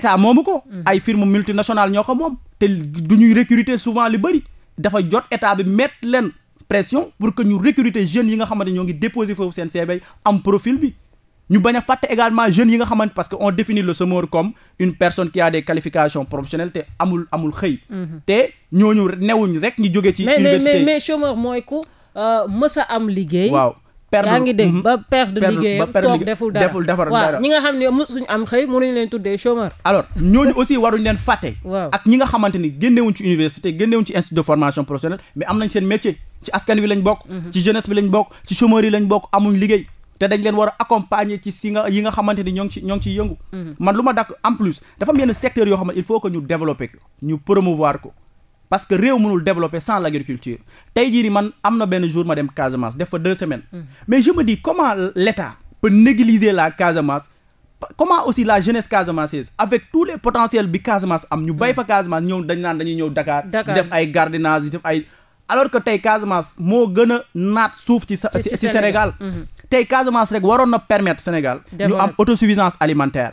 état moomu ko mhm. ay firme multinationale ñoo ko moom te du ñuy recruter souvent li bëri dafa jot état bi mettre leen pression pour que ñu recruter jeunes yi nga xamante ñoo ngi déposer foofu seen CV am bi ñu bañ a fàtte également jeunes yi nga xamante parce que on définit le chômeur comme une personne qui a des qualifications professionnelles te amul amul xëy. Mhm. te ñooñu newuñ rek ñu jóge ci. université mais mais chômeur mooy ku euh, a liggéey. waaw perdre yaa ngi dégg mhm. ba perdre liggéeyam toog deful dara ñi nga xam ne mësuñu am xëy mënuñ leen tuddee chômeur. alors ñooñu leen fàtte. waaw ak ñi nga xamante ni génnewuñ ci université génnewuñ ci institut formation professionnelle mais am nañ seen métier ci askan wi lañ bokk. Mhm. ci jeunesse bi lañ bokk ci chômeur lañ bokk amuñ liggéey te dañ leen war a accompagner ci si nga yi nga xamante ni ñoo ngi ci ñoo ngi ciy yëngu. Mm-hmm. man lu ma dàkk en plus dafa am yenn secteur yoo xam il faut que ñu développer ko ñu promouvoir ko parce que réew mënul développer sans l' agriculture tey jii ni man am na benn jour ma dem Casamance def fa deux semaine mm-hmm. mais je me dis comment l' État peut la Casamance. comment aussi la jeunesse casamançaise avec tous les potentiels bi Casamance am ñu bay fa mm-hmm. Casamance ñëw dañ naan dañuy ñëw Dakar di def ay gardiennage di def ay alors que tey Casamance moo gën a naat suuf ci ci Sénégal tey Casamance rek waroon na permettre Sénégal. ñu am autosuffisance alimentaire.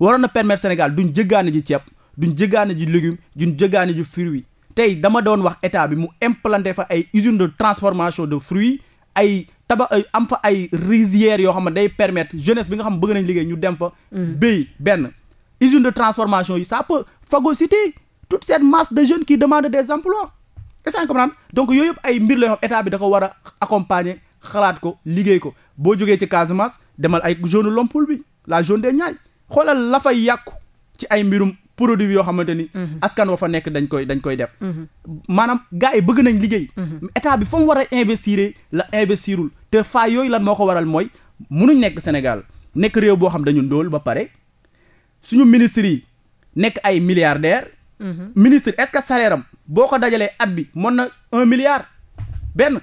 waroon na permettre Sénégal duñ jëggaane ji ceeb duñ jëggaane ji légume duñ jëggaane ji fruit tey dama doon wax état bi mu implanté fa ay usine de transformation de fruits ay taba am fa ay rizières yoo xam ne day permettre jeunesse bi nga xam bëgg nañ liggéey ñu dem fa. Mm. béy benn usine de transformation yi ça peut phagocyter tout cette masse de jeune qui demande des emplois est-ce que donc yooyu yëpp ay mbir yoo xam état bi dafa war a accompagner xalaat ko liggéey ko boo jógee ci Casamance demal ay zone Lompoul bi la zone des Niayes xoolal la fay yàqu ci ay mbirum produit yoo xamante ni. Mhm. askan wa fa nekk dañ koy dañ koy def. Mhm. maanaam gars yi bëgg nañ liggéey. Mhm. état bi fa mu war a investir la investirul te faa yooyu lan moo ko waral mooy munuñ nekk Sénégal nekk réew boo xam dañu ndóol ba pare suñu ministres yi nekk ay milliardaires. ministre est-ce que salaire am boo ko dajalee at bi mën na un milliard benn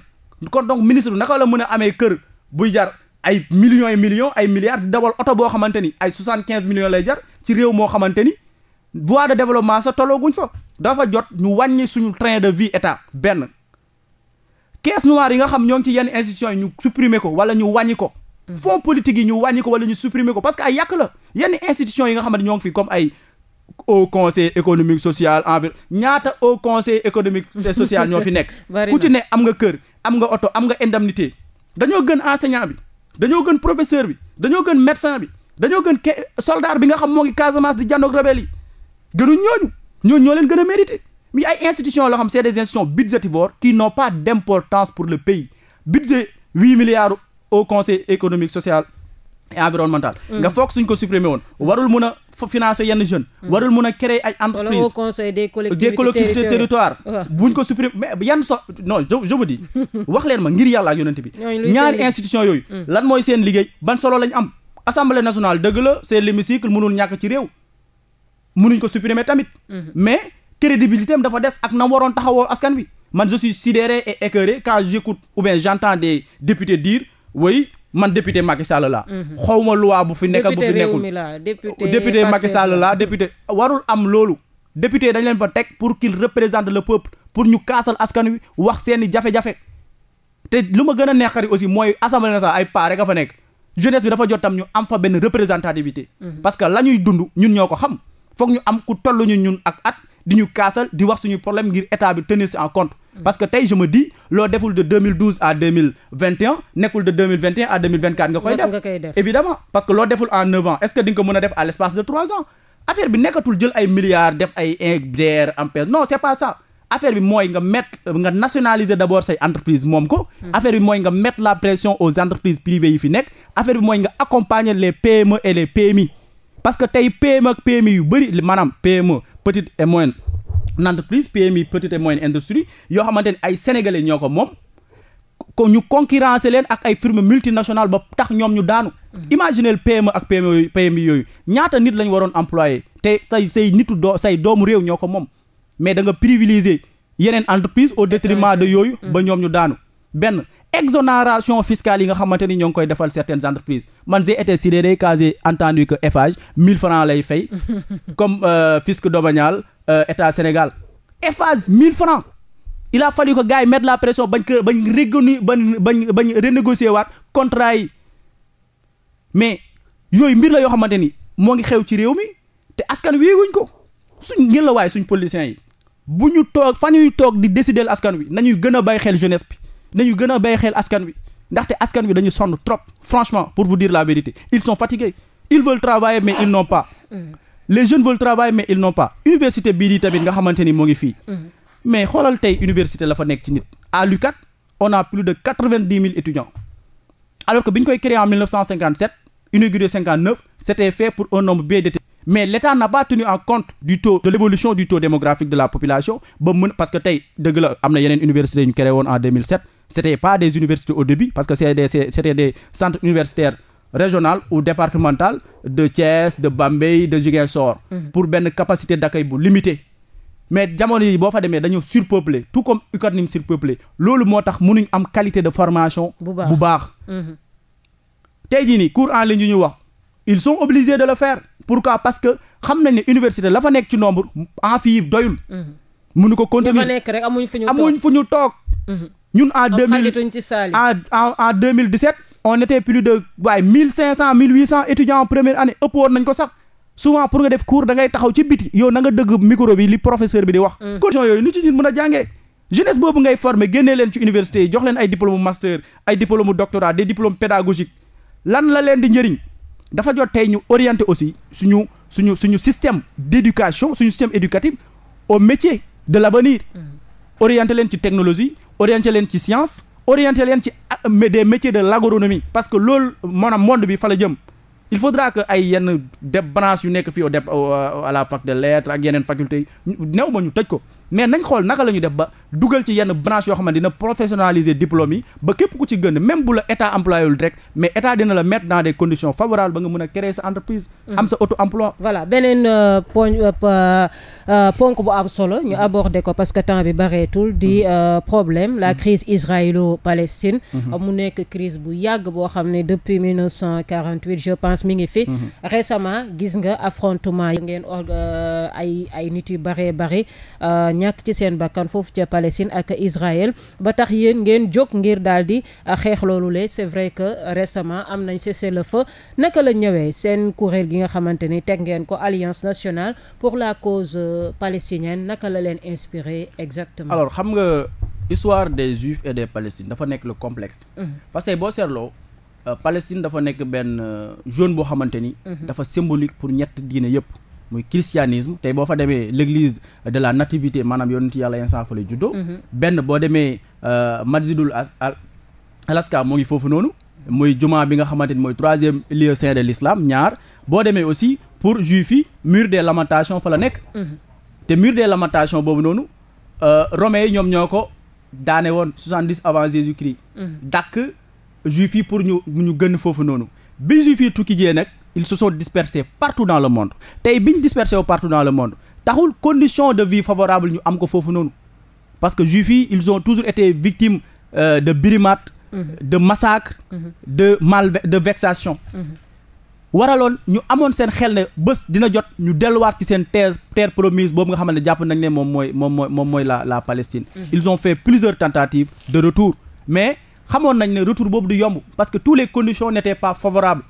kon donc ministre naka la mën a amee kër. buy jar ay millions et millions ay milliards di dawal oto boo xamante ni ay soixante quinze millions lay jar ci réew moo xamante ni voie de développement sa tolooguñ fa dafa jot ñu wàññi suñu train de vie état benn caisse noire yi nga xam ñoo ngi ci yenn institutions yi ñu supprimer ko wala ñu wàññi ko mm-hmm. fonds politique yi ñu wàññi ko wala ñu supprimer ko parce que ay yàq la yenn institutions yi nga xam ne ñoo ngi fi comme ay haut conseil économique social envir ñaata haut conseil économique et social ñoo fi nekk <laughs> ku ci ne am nga kër am nga oto am nga indemnité dañoo gën enseignant bi dañoo gën professeur bi dañoo gën médecin bi dañoo gën soldat bi nga xam moo ngi Casamance di jàndoog rebelle yi gënuñ ñooñu ñooñu ñoo leen gën a mérité mais ay institutions loo xam c'est des institutions budgétivores qui n'ont pas d'importance pour le pays budget huit milliards au conseil économique social et environnemental. Mm. nga foog suñ ko supprimer woon warul mun a financer yenn jeunes. Hmm. warul mun a créer ay entreprises. au conseil des collectivités des collectivités territoire. <laughs> buñ ko supprimer mais so non je je vous <laughs> leen ma ngir yàlla ak yonent bi. ñaari institution yooyu. Hmm. lan mooy seen liggéey ban solo lañ am. assemblée nationale dëgg la c'est l'hémicycle mënul ñàkk ci réew. mënuñ ko supprimer tamit. Hmm. mais crédibilité am dafa des ak na waroon taxawoo askan wi. man je suis sidéré et écœuré quand j'écoute ou bien j'entends des députés dire oui man député Macky Sall laa. Mhm. xaw ma loi bu fi nekk bu fi nekkul député Macky Sall laa député warul am loolu. député dañ leen fa teg pour qu'il représente la peuple pour ñu kaasal askan wi wax seeni jafe-jafe te lu ma gën a neexari aussi mooy assemblée nationale ay paa rek a fa nekk jeunesse bi dafa jot tam ñu am fa benn représentativité. Mhm. parce que la ñuy dund ñun ñoo ko xam foog ñu am ku toll ñu ñun ak at di ñu kaasal di wax suñu problème ngir état bi tenir en compte. parce que tey je me loo deful de 2012 à 2021 nekkul de 2021 à 2024 nga koy def évidemment parce que loo deful en 9 ans est-ce ko mën a def à l'espace de 3 ans affaire bi nekkatul jël ay milliards def ay indr ampère non c'est pas ça affaire bi mooy nga mettre nga nationaliser d'abord say entreprise moom ko hmm. affaire bi mooy nga mettre la pression aux entreprises privées yi fi nekk affaire bi mooy nga accompagner les PME et les PMI parce que tey PME ak PMI yu bëri maanaam PME petite et moyenne entreprise PMI petite et moyenne industrie yoo xamante ne ay sénégalais ñoo ko moom ko ñu concurrencer leen ak ay firme multinationale ba tax ñoom ñu daanu mm-hmm. imaginez PME ak PMI PMI yooyu ñaata nit lañ waroon employé te say say nitu doo say doomu réew ñoo ko moom mais da nga privilégier yeneen entreprise au détriment de yooyu ba mm. ñoom ñu daanu benn exonération fiscale yi nga xamante ni ñoo ngi koy defal certaines entreprises man j'ai été sidéré quand j'ai entendu que Eiffage 1000 lay fay <laughs> comme euh, fisc domanial Euh, état Sénégal Eiffage 1000 francs il a fallu que gars yi mettre la pression bañ ko bañ régoni bañ bañ bañ renégocier waat contrat yi mais yooyu mbir la yoo xamante ni moo ngi xew ci réew mi te askan wi wuñ ko suñ ngeen suñ politiciens yi bu ñu toog fa ñuy toog di décider askan wi nañuy gën a bay xel jeunesse bi nañuy gën a bay xel askan wi ndaxte askan wi dañu sonn trop franchement pour vous dire la vérité ils sont fatigués ils veulent travailler mais ils les jeunes veulent travail mais ils n'ont pas université bii di tamit nga xamante ni moo ngi fii mm-hmm. mais xoolal tey université la fa nekk ci nit à l'UCAD on a plus de quatre-vingt-dix mille étudiants alors que bi ñu koy créé en 1957 inauguré 59 fait pour un nombre bien déterminé mais l'État n'a pas tenu en compte du taux de l'évolution du taux démographique de la population ba mun parce que tey dëgg la am na yeneen université ñu créé woon en 2007 c'était pas des universités au début parce régional ou départemental de Thiès de Bambey de Ziguinchor. Mmh. pour benn capacité d'accueil bu limitée. mais jamono yi boo fa demee dañoo surpeuplé tout comme UCAD ni mu surpeuplé loolu moo tax mu mënuñ am qualité de formation. bu baax bu mhm. tey jii nii cours en ligne yu ñu wax ils sont obligés de le faire pourquoi parce que xam na ne université la fa nekk ci nombre en fii doyul. Mhm. nu ko continuer nekk rek amuñ fu ñu toog amuñ fu ñu toog. Mhm. ñun en deux mille en en deux mille dix-sept on était plus de waaye cent mille huit cent étudiants en première année ëppoon nañ ko sax souvent pour nga def cours da taxaw ci biti yow na nga dëgg micro li professeur bi di wax mm. condition yooyu nu ci nit mën a jàngee jeunesse boobu ngay former génnee leen ci université yi jox leen ay diplôme master ay diplôme doctorat des diplômes pédagogiques lan la leen di njariñ dafa jot tey ñu orienté aussi suñu suñu suñu système d'éducation suñu système éducatif au métier de l'avenir mm. orienté leen ci technologie orienté leen ci science orienter leen ci euh, des métiers de l'agronomie parce que loolu maanaam monde bi fala jëm il faudra que ay yenn de branche yu nekk fii au euh, à la fac de lettres ak yeneen faculté yi néew ma ñu tëj ko mais nañ xool naka la ñu def ba dugal ci yenn branche yoo xam ne dina professionnaliser diplôme yi ba képp ku ci gën même bu la état employéwul direct mais état dina la mettre dans des conditions favorables ba nga mën a créer sa entreprise. Mm-hmm. am sa auto emploi. voilà beneen euh, poñ euh, euh, ponk bu am solo ñu mm-hmm. aborder ko parce que temps bi bareetul di mm-hmm. problème la crise israélo-palestine. mu nekk crise bu yàgg boo xam ne depuis 1948 je pense mi ngi fi. récemment gis nga affrontement yi ngeen ay ay nit yu baree bari. ñàkk ci seen bakkan foofu ca Palestine ak Israël ba tax yéen ngeen jóg ngir daal di ah, xeex loolu le c'est vrai que récemment am nañ cessez-le-feu naka la ñëwee seen kuréel gi nga xamante ni teg ngeen ko alliance nationale pour la cause euh, palestinienne naka la leen inspiré exactement. alors xam nga histoire des juifs et des palestines dafa nekk le complexe. Mm-hmm. parce que boo seetloo. Euh, Palestine dafa nekk benn euh, zone boo xamante ni. Mm-hmm. dafa symbolique pour ñett diine yëpp. muy christianisme tey boo fa demee l'église de la nativité maanaam yonent yàlla instant fa la juddoo mhm. benn boo demee euh, masjidul alaska moo ngi foofu noonu muy juma bi nga xamante ni mooy troisième lieu saint de lislaam ñaar boo demee aussi pour juif yi mur des lamentations fa la nekk mhm. te mur des lamentations boobu noonu euh, romains yi ñoom ñoo ko daane woon soixante-dix avant Jésus-Christ mhm. dàkk juif yi pour ñu ñu gën foofu noonu bi juif yi tukki jee nag ils se sont dispersés partout dans le monde tey bi ñu dispersé wu partout dans le monde taxul condition de vie favorable ñu am ko foofu noonu parce que juifs yi ils ont toujours été victimes euh, de birimates mhm. de massacres mhm. de mal de vexation mhm. waraloon ñu amoon seen xel ne bés dina jot ñu delluwaat ci seen terre terre promise boobu nga xam ne jàpp nañ ne moom mooy moom mooy moom mooy la la Palestine. ils ont fait plusieurs tentatives de retour mais xamoon nañ ne retour boobu du yomb parce que toutes les conditions n'étaient pas favorables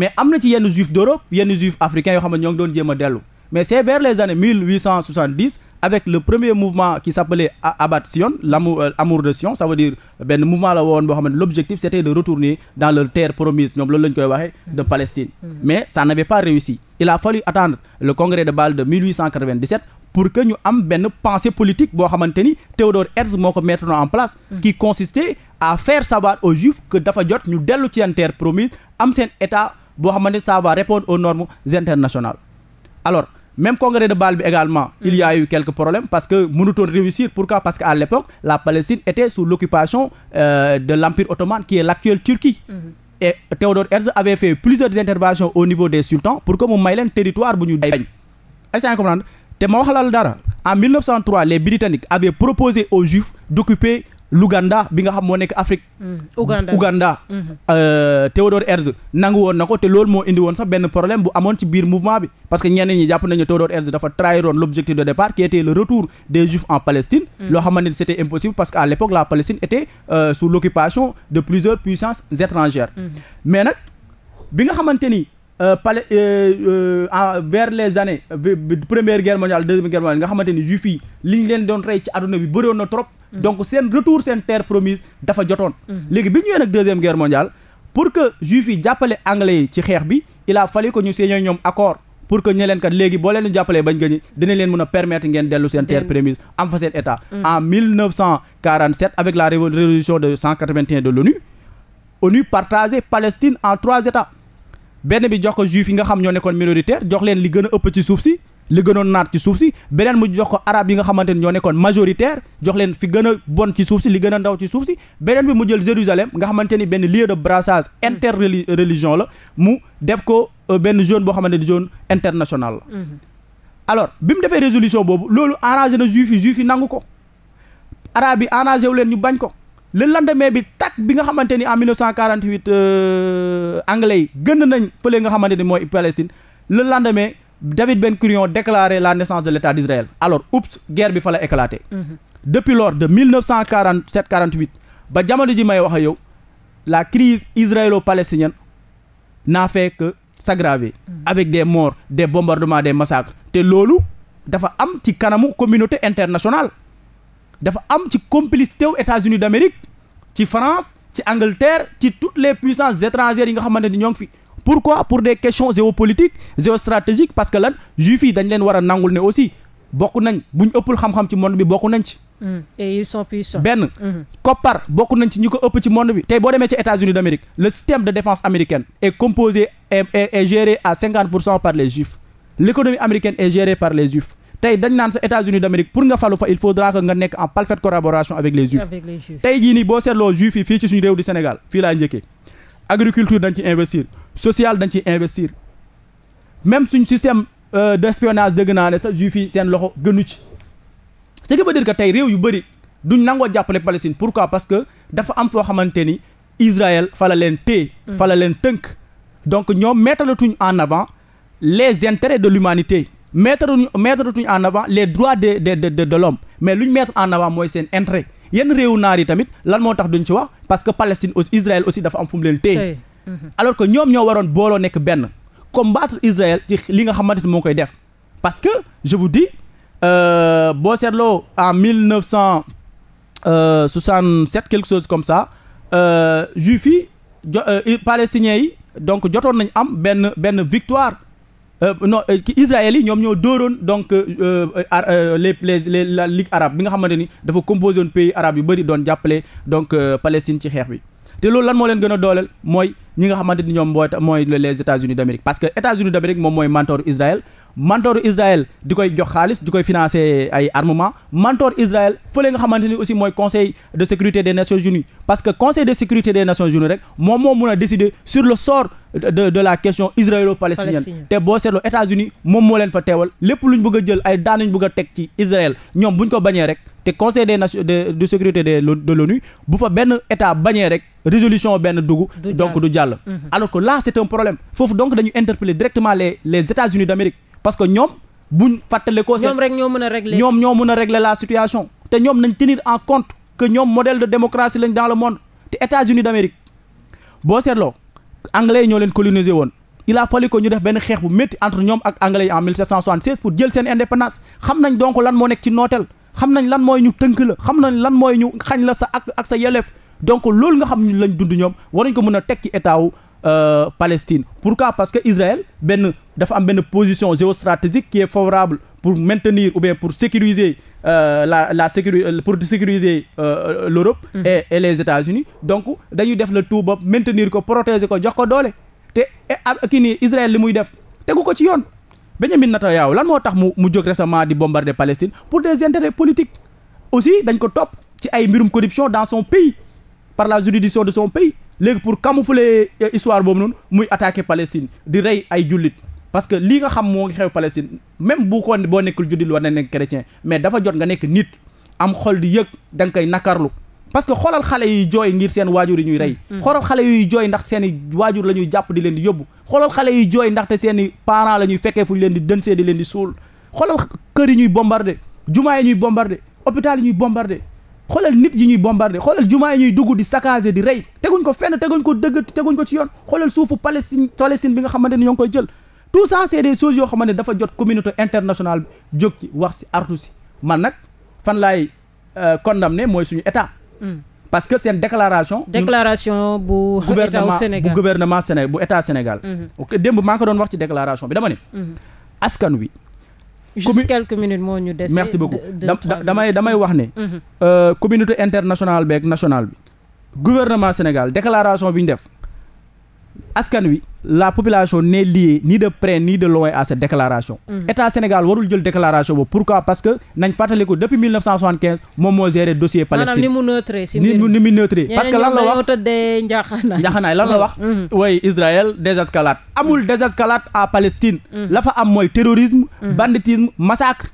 mais am na ci yenn juif d'Europe yenn juif africain yoo xam ne ñoo ngi doon jéem a dellu mais c'est vers les années 1870 avec le premier mouvement qui s'appelait Abat Sion euh, amour de Sion ça dire benn mouvement la woon boo xam ne l'objectif c'était de retourner dans leur terre promise ñoom loolu la ñu koy waxee de mm-hmm. Palestine mm -hmm. mais ça n'avait pas réussi il a fallu attendre le congrès de Bâle de pour que ñu am benn pensée politique boo xamante ni Théodore mm-hmm. à faire savoir aux jot ñu dellu ci seen terre promise am boo xamante ne ça va répondre aux normes internationales alors même congrès de Bâle bi également mm. il y a eu quelques problèmes parce que mënutoon réussir pourquoi parce que à l'époque la Palestine était sous l'occupation euh, de l'empire ottoman qui est l'actuelle Turquie mm-hmm. et Théodore Herzl avait fait plusieurs interventions au niveau des sultans pour que mu may leen territoire bu ñu bañ est te ma waxalal dara en les Britanniques avaient proposé aux Juifs d'occuper Luganda bi nga xam moo nekk Afrique. Mm. Uganda Uganda. Mm-hmm. Euh, Théodore Herzl nangu woon na ko te loolu moo indi woon sax benn problème bu amoon ci biir mouvement bi parce que ñenn ñi jàpp nañu Théodore Herzl dafa trahiroon l'objectif de départ qui était le retour des juifs en Palestine. Mm. loo xamante c'était impossible parce que à l'époque la Palestine était euh, sous l'occupation de plusieurs puissances étrangères. Mm-hmm. mais nag bi nga xamante ni Euh, palais euh, euh, vers les années première guerre mondiale deuxième guerre mondiale nga xamante juif yi li leen doon rey ci àdduna bi bëroon na trop mm. donc seen retour seen terre promise dafa jotoon mm. léegi bi ñëwee nag deuxième guerre mondiale pour que juif yi jàppale anglais yi ci xeex bi il a fallu que ñu signé ñoom accord pour que ñu leen kat léegi boo leen jàppalee bañ gëñi dina leen mën a permettre ngeen dellu seen terre promise mm. en 1947 la révolution de 181 de l'ONU ONU partagé Palestine en trois benn bi jox ko juif yi nga xam ñoo nekkoon minoritaire jox leen li gën a ëpp ci suuf si li gënoon naat ci suuf si beneen mu jox ko arab yi nga xamante ni ñoo nekkoon majoritaire jox leen fi gën a bon ci suuf si li gën a ndaw ci suuf si beneen bi mu jël Jérusalem nga xamante ni benn lieu de brassage mm. interreligion la mu def ko euh, benn zone boo xamante ni zone internationale la mm-hmm. alors bi mu defee résolution boobu loolu arrangé na juif yi juif yi nangu ko arab yi arrangé wu leen ñu bañ ko le lendemain bi bi nga xamante ni en 1948 euh, anglais yi gën nañ fële nga xamante ni mooy Palestine le lendemain David Ben-Gurion déclaré la naissance de l'État d'Israël alors oups guerre bi fa la éclaté mm -hmm. depuis lors de 1947 48 ba jamono ji may wax a yow la crise israélo-palestinienne n'a fait que s'aggraver mm -hmm. avec des morts des bombardements des massacres te loolu dafa am ci kanamu communauté international dafa am ci complicité wu États-Unis d'Amérique ci France ci Angleterre ci toutes les puissances étrangères yi nga xamante ni ñoo ngi fi pourquoi pour des questions géopolitiques géostratégiques parce que lan juif yi dañ leen war a nangul ne aussi bokk nañ bu ñu ëppul xam-xam ci monde bi bokk nañ ci. Hmm. et ils sont puissants. benn hmm. koppar bokk nañ ci ñu ko ëpp ci monde bi. tey boo demee ci États-Unis d'Amérique le système de défense américaine est composé et est à pour cent par les juifs l'économie américaine est gérée par les juifs tey dañ naan sa États-Unis d'Amérique pour nga falu fa il faudra que nga nekk en parfaite collaboration avec les juifs tey jii nii boo seetloo juifs yi fii ci suñu réew di Sénégal fii laa njëkkee agriculture dañ ci investir social dañ ci investir même suñ système euh, d'espionnage dëgg naa ne sa juif yi seen loxo gënu ci ce qui veut dire que tey réew yu bëri duñ nangoo jàppale Palestine pourquoi parce que dafa am foo xamante ni Israël fala leen téye mm. fala leen tënk donc ñoom mettre en avant les intérêts de l'humanité mettre mettre tuñ en avant les droits de de de de mais lu ñu mettre en avant mooy seen intérêt yenn réewu naar yi tamit lan moo tax duñ ci wax parce que Palestine aussi Israël aussi dafa am fu mu leen téye mm-hmm. alors que ñoom ñoo waroon booloo nekk benn combattre Israël ci li nga xamante ni moo koy def parce que je vous dis euh, boo seetloo en mille neuf cent soixante-sept quelque chose comme ça euh, juifs yi jo euh, palestiniens yi donc jotoon nañ am benn benn victoire Euh, non euh, Israël yi ñoom ñoo dóoroon donc euh, les les les la ligue bi nga xamante ni dafa composé woon pays arabe yu bëri doon jàppale donc Palestine ci xeex bi. te loolu lan moo leen gën a dooleel mooy ñi nga xamante ni ñoom mooy mooy les États-Unis d'Amérique parce que États-Unis d'Amérique moom mooy mentor Israël mentor Israël di koy jox xaalis di koy financer ay armement mentor Israël fële nga xamante ni aussi mooy conseil de sécurité des Nations Unies parce que conseil de sécurité des Nations Unies rek moom moo mun a décider sur le sort de de la question israélo-palestinienne te boo seetloo États-Unis moom teewal lépp luñ bëgg a ay daan ñu bëgg a teg ñoom buñ ko bañee rek te conseil des nations de de sécurité de de l'ONU bu fa benn état bañee rek résolution benn dugg donc du jàll mhm. alors que là c'est problème foofu donc dañu interpeller directement les les États-Unis d'Amérique parce que ñoom buñ fàttale ko ñoom rek ñoo mën ñoom ñoo mën a régler la situation te ñoom nañ tenir en compte que ñoom modèle de démocratie lañ dans le monde te États-Unis d'Amérique boo seetloo anglais ñoo leen coloniser woon il a ñu def benn xeex bu métti entre ñoom ak anglais yi seen indépendance xam nañ donc lan moo nekk ci nooteel xam nañ lan mooy ñu tënk la xam nañ lan mooy ñu xañ la sa ak ak sa yelleef donc loolu nga xam ñu lañ dund ñoom waruñ ko mën a teg ci état wu euh, Palestine pourquoi parce que Israël benn dafa am benn position géostratégique qui est favorable pour maintenir ou bien pour sécuriser euh, la la sécurité euh, pour sécuriser euh, l'Europe mm. et, les États-Unis donc dañuy def le tout ba maintenir ko protéger ko jox ko doole te kii nii Israël li muy def tegu ko ci yoon Benjamin Netanyahu lan moo tax mu mu jóg récemment di bombarder Palestine pour des intérêts politiques aussi dañ ko topp ci ay mbirum corruption dans son pays par la juridiction de son pays léegi pour camoufler euh, histoire boobu noonu muy attaquer Palestine di rey ay jullit parce que lii nga xam moo ngi xew Palestine même bu ko boo nekkul jullit war na nekk chrétien mais dafa jot nga nekk nit am xol di yëg danga koy nakarlu parce que xoolal xale yuy jooy ngir seen waajur yi ñuy rey mm. xoolal xale yuy jooy ndax seen i waajur la ñuy jàpp di leen di yóbbu xoolal xale yuy jooy ndaxte seen i parents la ñuy fekkee fu ñu leen di dënsee di leen di suul xoolal kër ñuy bombardé jumaa yi ñuy bombardé hôpital yi ñuy bombarde xoolal nit yi ñuy bombarde xoolal jumaa yi ñuy dugg di saccager di rey teguñ ko fenn teguñ ko dëgg teguñ ko ci yoon xoolal suufu Palestine Palestine bi nga xamante ni ñoo ngi koy jël tout ça c'est des ne dafa jot communauté internationale bi wax si artu si man nag fan laay euh, condamné mooy suñu état Hmm. parce que seen déclaration. déclaration bu état au Sénégal bu gouvernement Sénégal bu état Sénégal. Hmm. démb maa ko doon wax ci déclaration bi dama ne. Hmm. askan wi. juste quelques minutes moo ñu dese. merci beaucoup damay damay wax ne. Euh, communauté internationale beeg nationale bi. gouvernement Sénégal déclaration bi ñu def. askan wi la population n'est liée nii de près nii de loin à cette déclaration. Mhm. état Sénégal warul jël déclaration pour pourquoi parce que nañ fàttaliku depuis 1975 moom moo géré dossier Palestine. maanaam ni mu neutre si mbir mi ni mu neutre parce que lan la wax njaxanaay lan la wax. way Israël désescalade. amul mhm. désescalade à Palestine. Mhm. lafa am mooy terrorisme. banditisme massacre.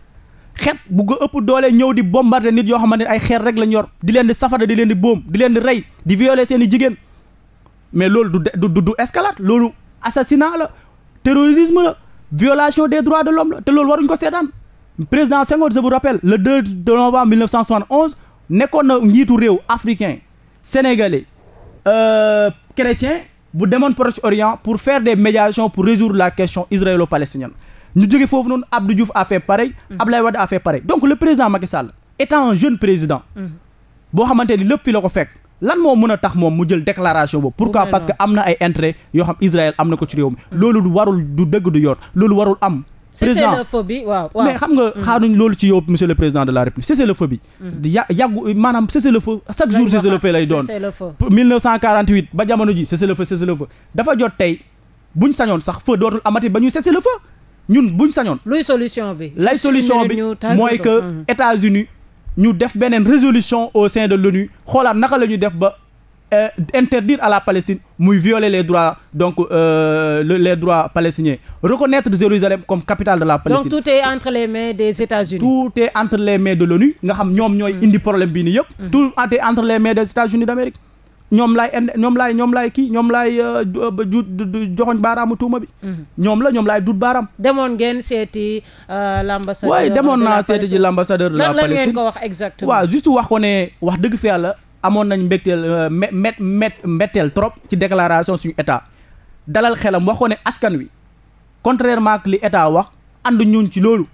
xeet bu ko ëpp doolee ñëw di bombarder nit yoo xamante ne ay xeer rek la yor di leen di safara di leen di boom di leen di rey di violer seen i jigéen. mais loolu du du du escalade loolu assassinat la terrorisme la violation des droits de l'homme la te loolu waruñu ko seetaan président Senghor je vous rappelle le 2 de novembre 1971 nekkoon na njiitu réew africain sénégalais euh, chrétien bu demoon Proche-Orient pour faire des médiations pour résoudre la question israélo-palestinienne ñu jóge foofu noonu Abdou Diouf a fait pareil. Mm-hmm. Abdoulaye Wade a fait pareil donc le président Macky Sall étant un jeune président. Mm-hmm. boo xamante ni lépp fi ko fekk. lan moo mën a tax moom mu jël déclaration boobu pourquoi parce que am na ay intérêt yoo xam Israël am na ko ci réew mi hmm. loolu warul du dëgg du yoon loolu warul am xécélophobie waaw waaw xam nga hmm. xaaruñ loolu ci yow monsieur le président de la république cécélophobie hmm. ya yàggu maanaam cécélophobie chaque jour cécélophobie lay doon ba jamono ji cécélophobie cécélophobie dafa jot tey buñ sañoon sax feu dootul amati ba ñuy cécélophobie ñun buñ sañoon luy solution bi lay solution bi mooy que États-Unis ñu def beneen résolution au sein de l'ONU xoolaat naka la ñu def ba euh, interdire à la Palestine muy violer les droits donc euh, le, les droits palestiniens reconnaître Jérusalem comme capitale de la Palestine. donc tout entre les mains des États-Unis tout est entre les mains de l'ONU nga xam ñoom ñooy mm. indi problème bii nii yëpp. Mm-hmm. tout est entre les mains des États-Unis d'Amérique. ñoom laay ind ñoom laay ñoom laay kii ñoom laay euh, euh, joxoñ baaraamu tuuma bi. Mhm. ñoom la ñoom laay dut baaraam. demoon ngeen seeti euh, l'ambassadeur. waaye demoon naa seeti ji l'ambassadeur de la Palestine lan ngeen ko wax exactement. waaw juste wax ko ne wax dëgg fi yàlla amoon nañ mbégteel met met mbetteel trop ci déclaration suñu état dalal xelam wax ko ne askan wi contrairement ak li état wax ànd ñun ci loolu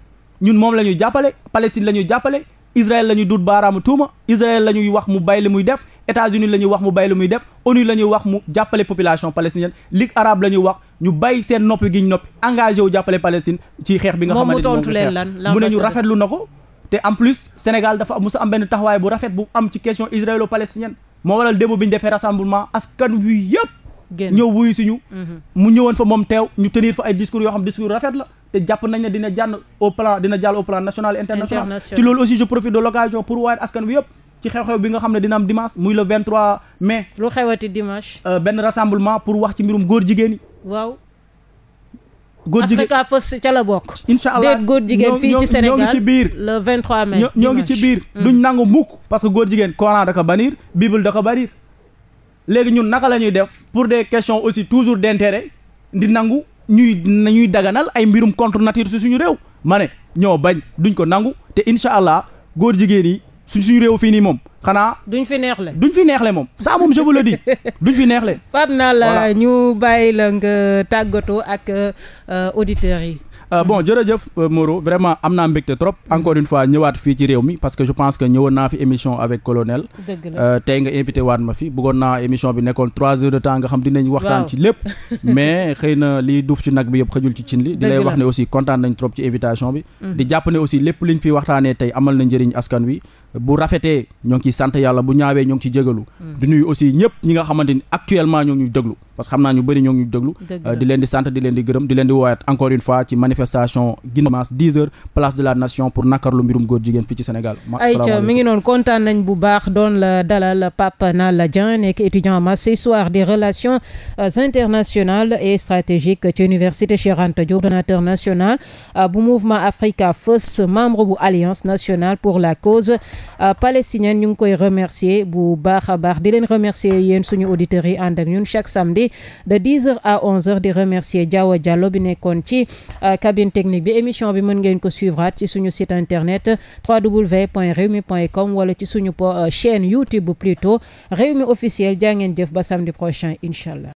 ñun moom la ñuy jàppale Palestine la ñuy jàppale. Israël la ñuy duut baaraamu tuuma Israël la ñuy wax mu bay li muy def États-Unis la ñuy wax mu bàyyi lu muy def ONU la ñuy wax mu jàppale population palestinienne Ligue arabe la ñuy wax ñu bay seen noppi gi ñu noppi engagé wu jàppale Palestine ci xeex bi nga xamante ne mu ne ñu rafetlu na ko te en plus Sénégal dafa musa am benn taxawaay bu rafet bu am ci question israélo-palestinienne moo waral démb bi ñu defee rassemblement askan wi yëpp ñëw wuyu si ñu mhm. mu fa moom teew ñu tenir fa ay yoo xam discours rafet la te jàpp nañ ne dina jànn au plan dina jàll au plan national et international ci loolu aussi je profite de l'occasion pour waaye askan wi yëpp ci xew-xew bi nga xam ne dina am dimanche muy le 23 mai lu xewati dimanche euh, benn rassemblement pour wax ci mbirum góor jigéen yi waaw góor jigéen Africa First ca la bokk incha allah déet góor jigéen fii ci Sénégal ñoo ngi ci biir le 23 mai ñoo ngi ci biir mm. duñ nangu mukk parce que góor jigéen Coran da ko banir Bible da ko banir léegi ñun naka la ñuy def pour des questions aussi toujours d'intérêt di nangu ñuy nañuy daganal ay mbirum contre nature si suñu réew ma ne ñoo bañ duñ ko nangu te incha allah góor jigéen yi suñ suñu réew fii nii moom xanaa. duñ fi neexle duñ fi neexle moom ça moom je di le dis duñ fi neexle. naa la ñu bàyyi la nga tàggatoo ak euh, auditeurs yi. Euh, bon jërëjëf euh, moro vraiment am na mbégte trop encore une fois ñëwaat fii ci réew mi parce que je pense que ñëwoon naa fi émission avec colonel euh, tey nga invité waat ma fi buggoon naa émission bi nekkoon trois heures de temps nga xam dinañ waxtaan ci lépp <laughs> mais xëy na liy duuf ci nag bi yëpp xëjul ci cin li di lay wax ne aussi kontaan nañ trop ci invitation bi mm. di jàpp ne aussi lépp liñ fi waxtaanee tey amal na njariñ askan wi bu rafetee ñoo ngi sant yàlla bu ñaawee ñoo ngi ci jégalu mm. di nuyu aussi ñëpp ñi nga xamante ni actuellement ñoo ngi ñuy déglu parce que xam naa ñu bëri ñoo ñuy déglu euh, di leen di sant di leen di gërëm di leen di woowaat encore une fois ci manifestation Guinamas 10 heures place de la nation pour nakarlu mbirum góor jigéen fii ci Sénégal ayca ngi noonu kontaan nañ bu baax doon la dalal Pape Nalla Dieng nekk étudiant en master des relations euh, internationales et stratégiques ci université Cheikh Anta Diop national euh, bu mouvement Africa membre bu alliance nationale pour la Euh, palestinienne ñu ngi koy remercier bu baax a baax di leen remercier yéen suñu auditeurs yi ànd ak ñun chaque samedi de 10h à 11h di remercier Diawa Diallo bi nekkoon ci euh, cabine technique bi émission bi mën ngeen ko suivre ci suñu site internet www.rewmi.com wala ci suñu euh, chaîne YouTube plutôt Rewmi officiel jaa ngeen jëf ba samedi prochain incha allah.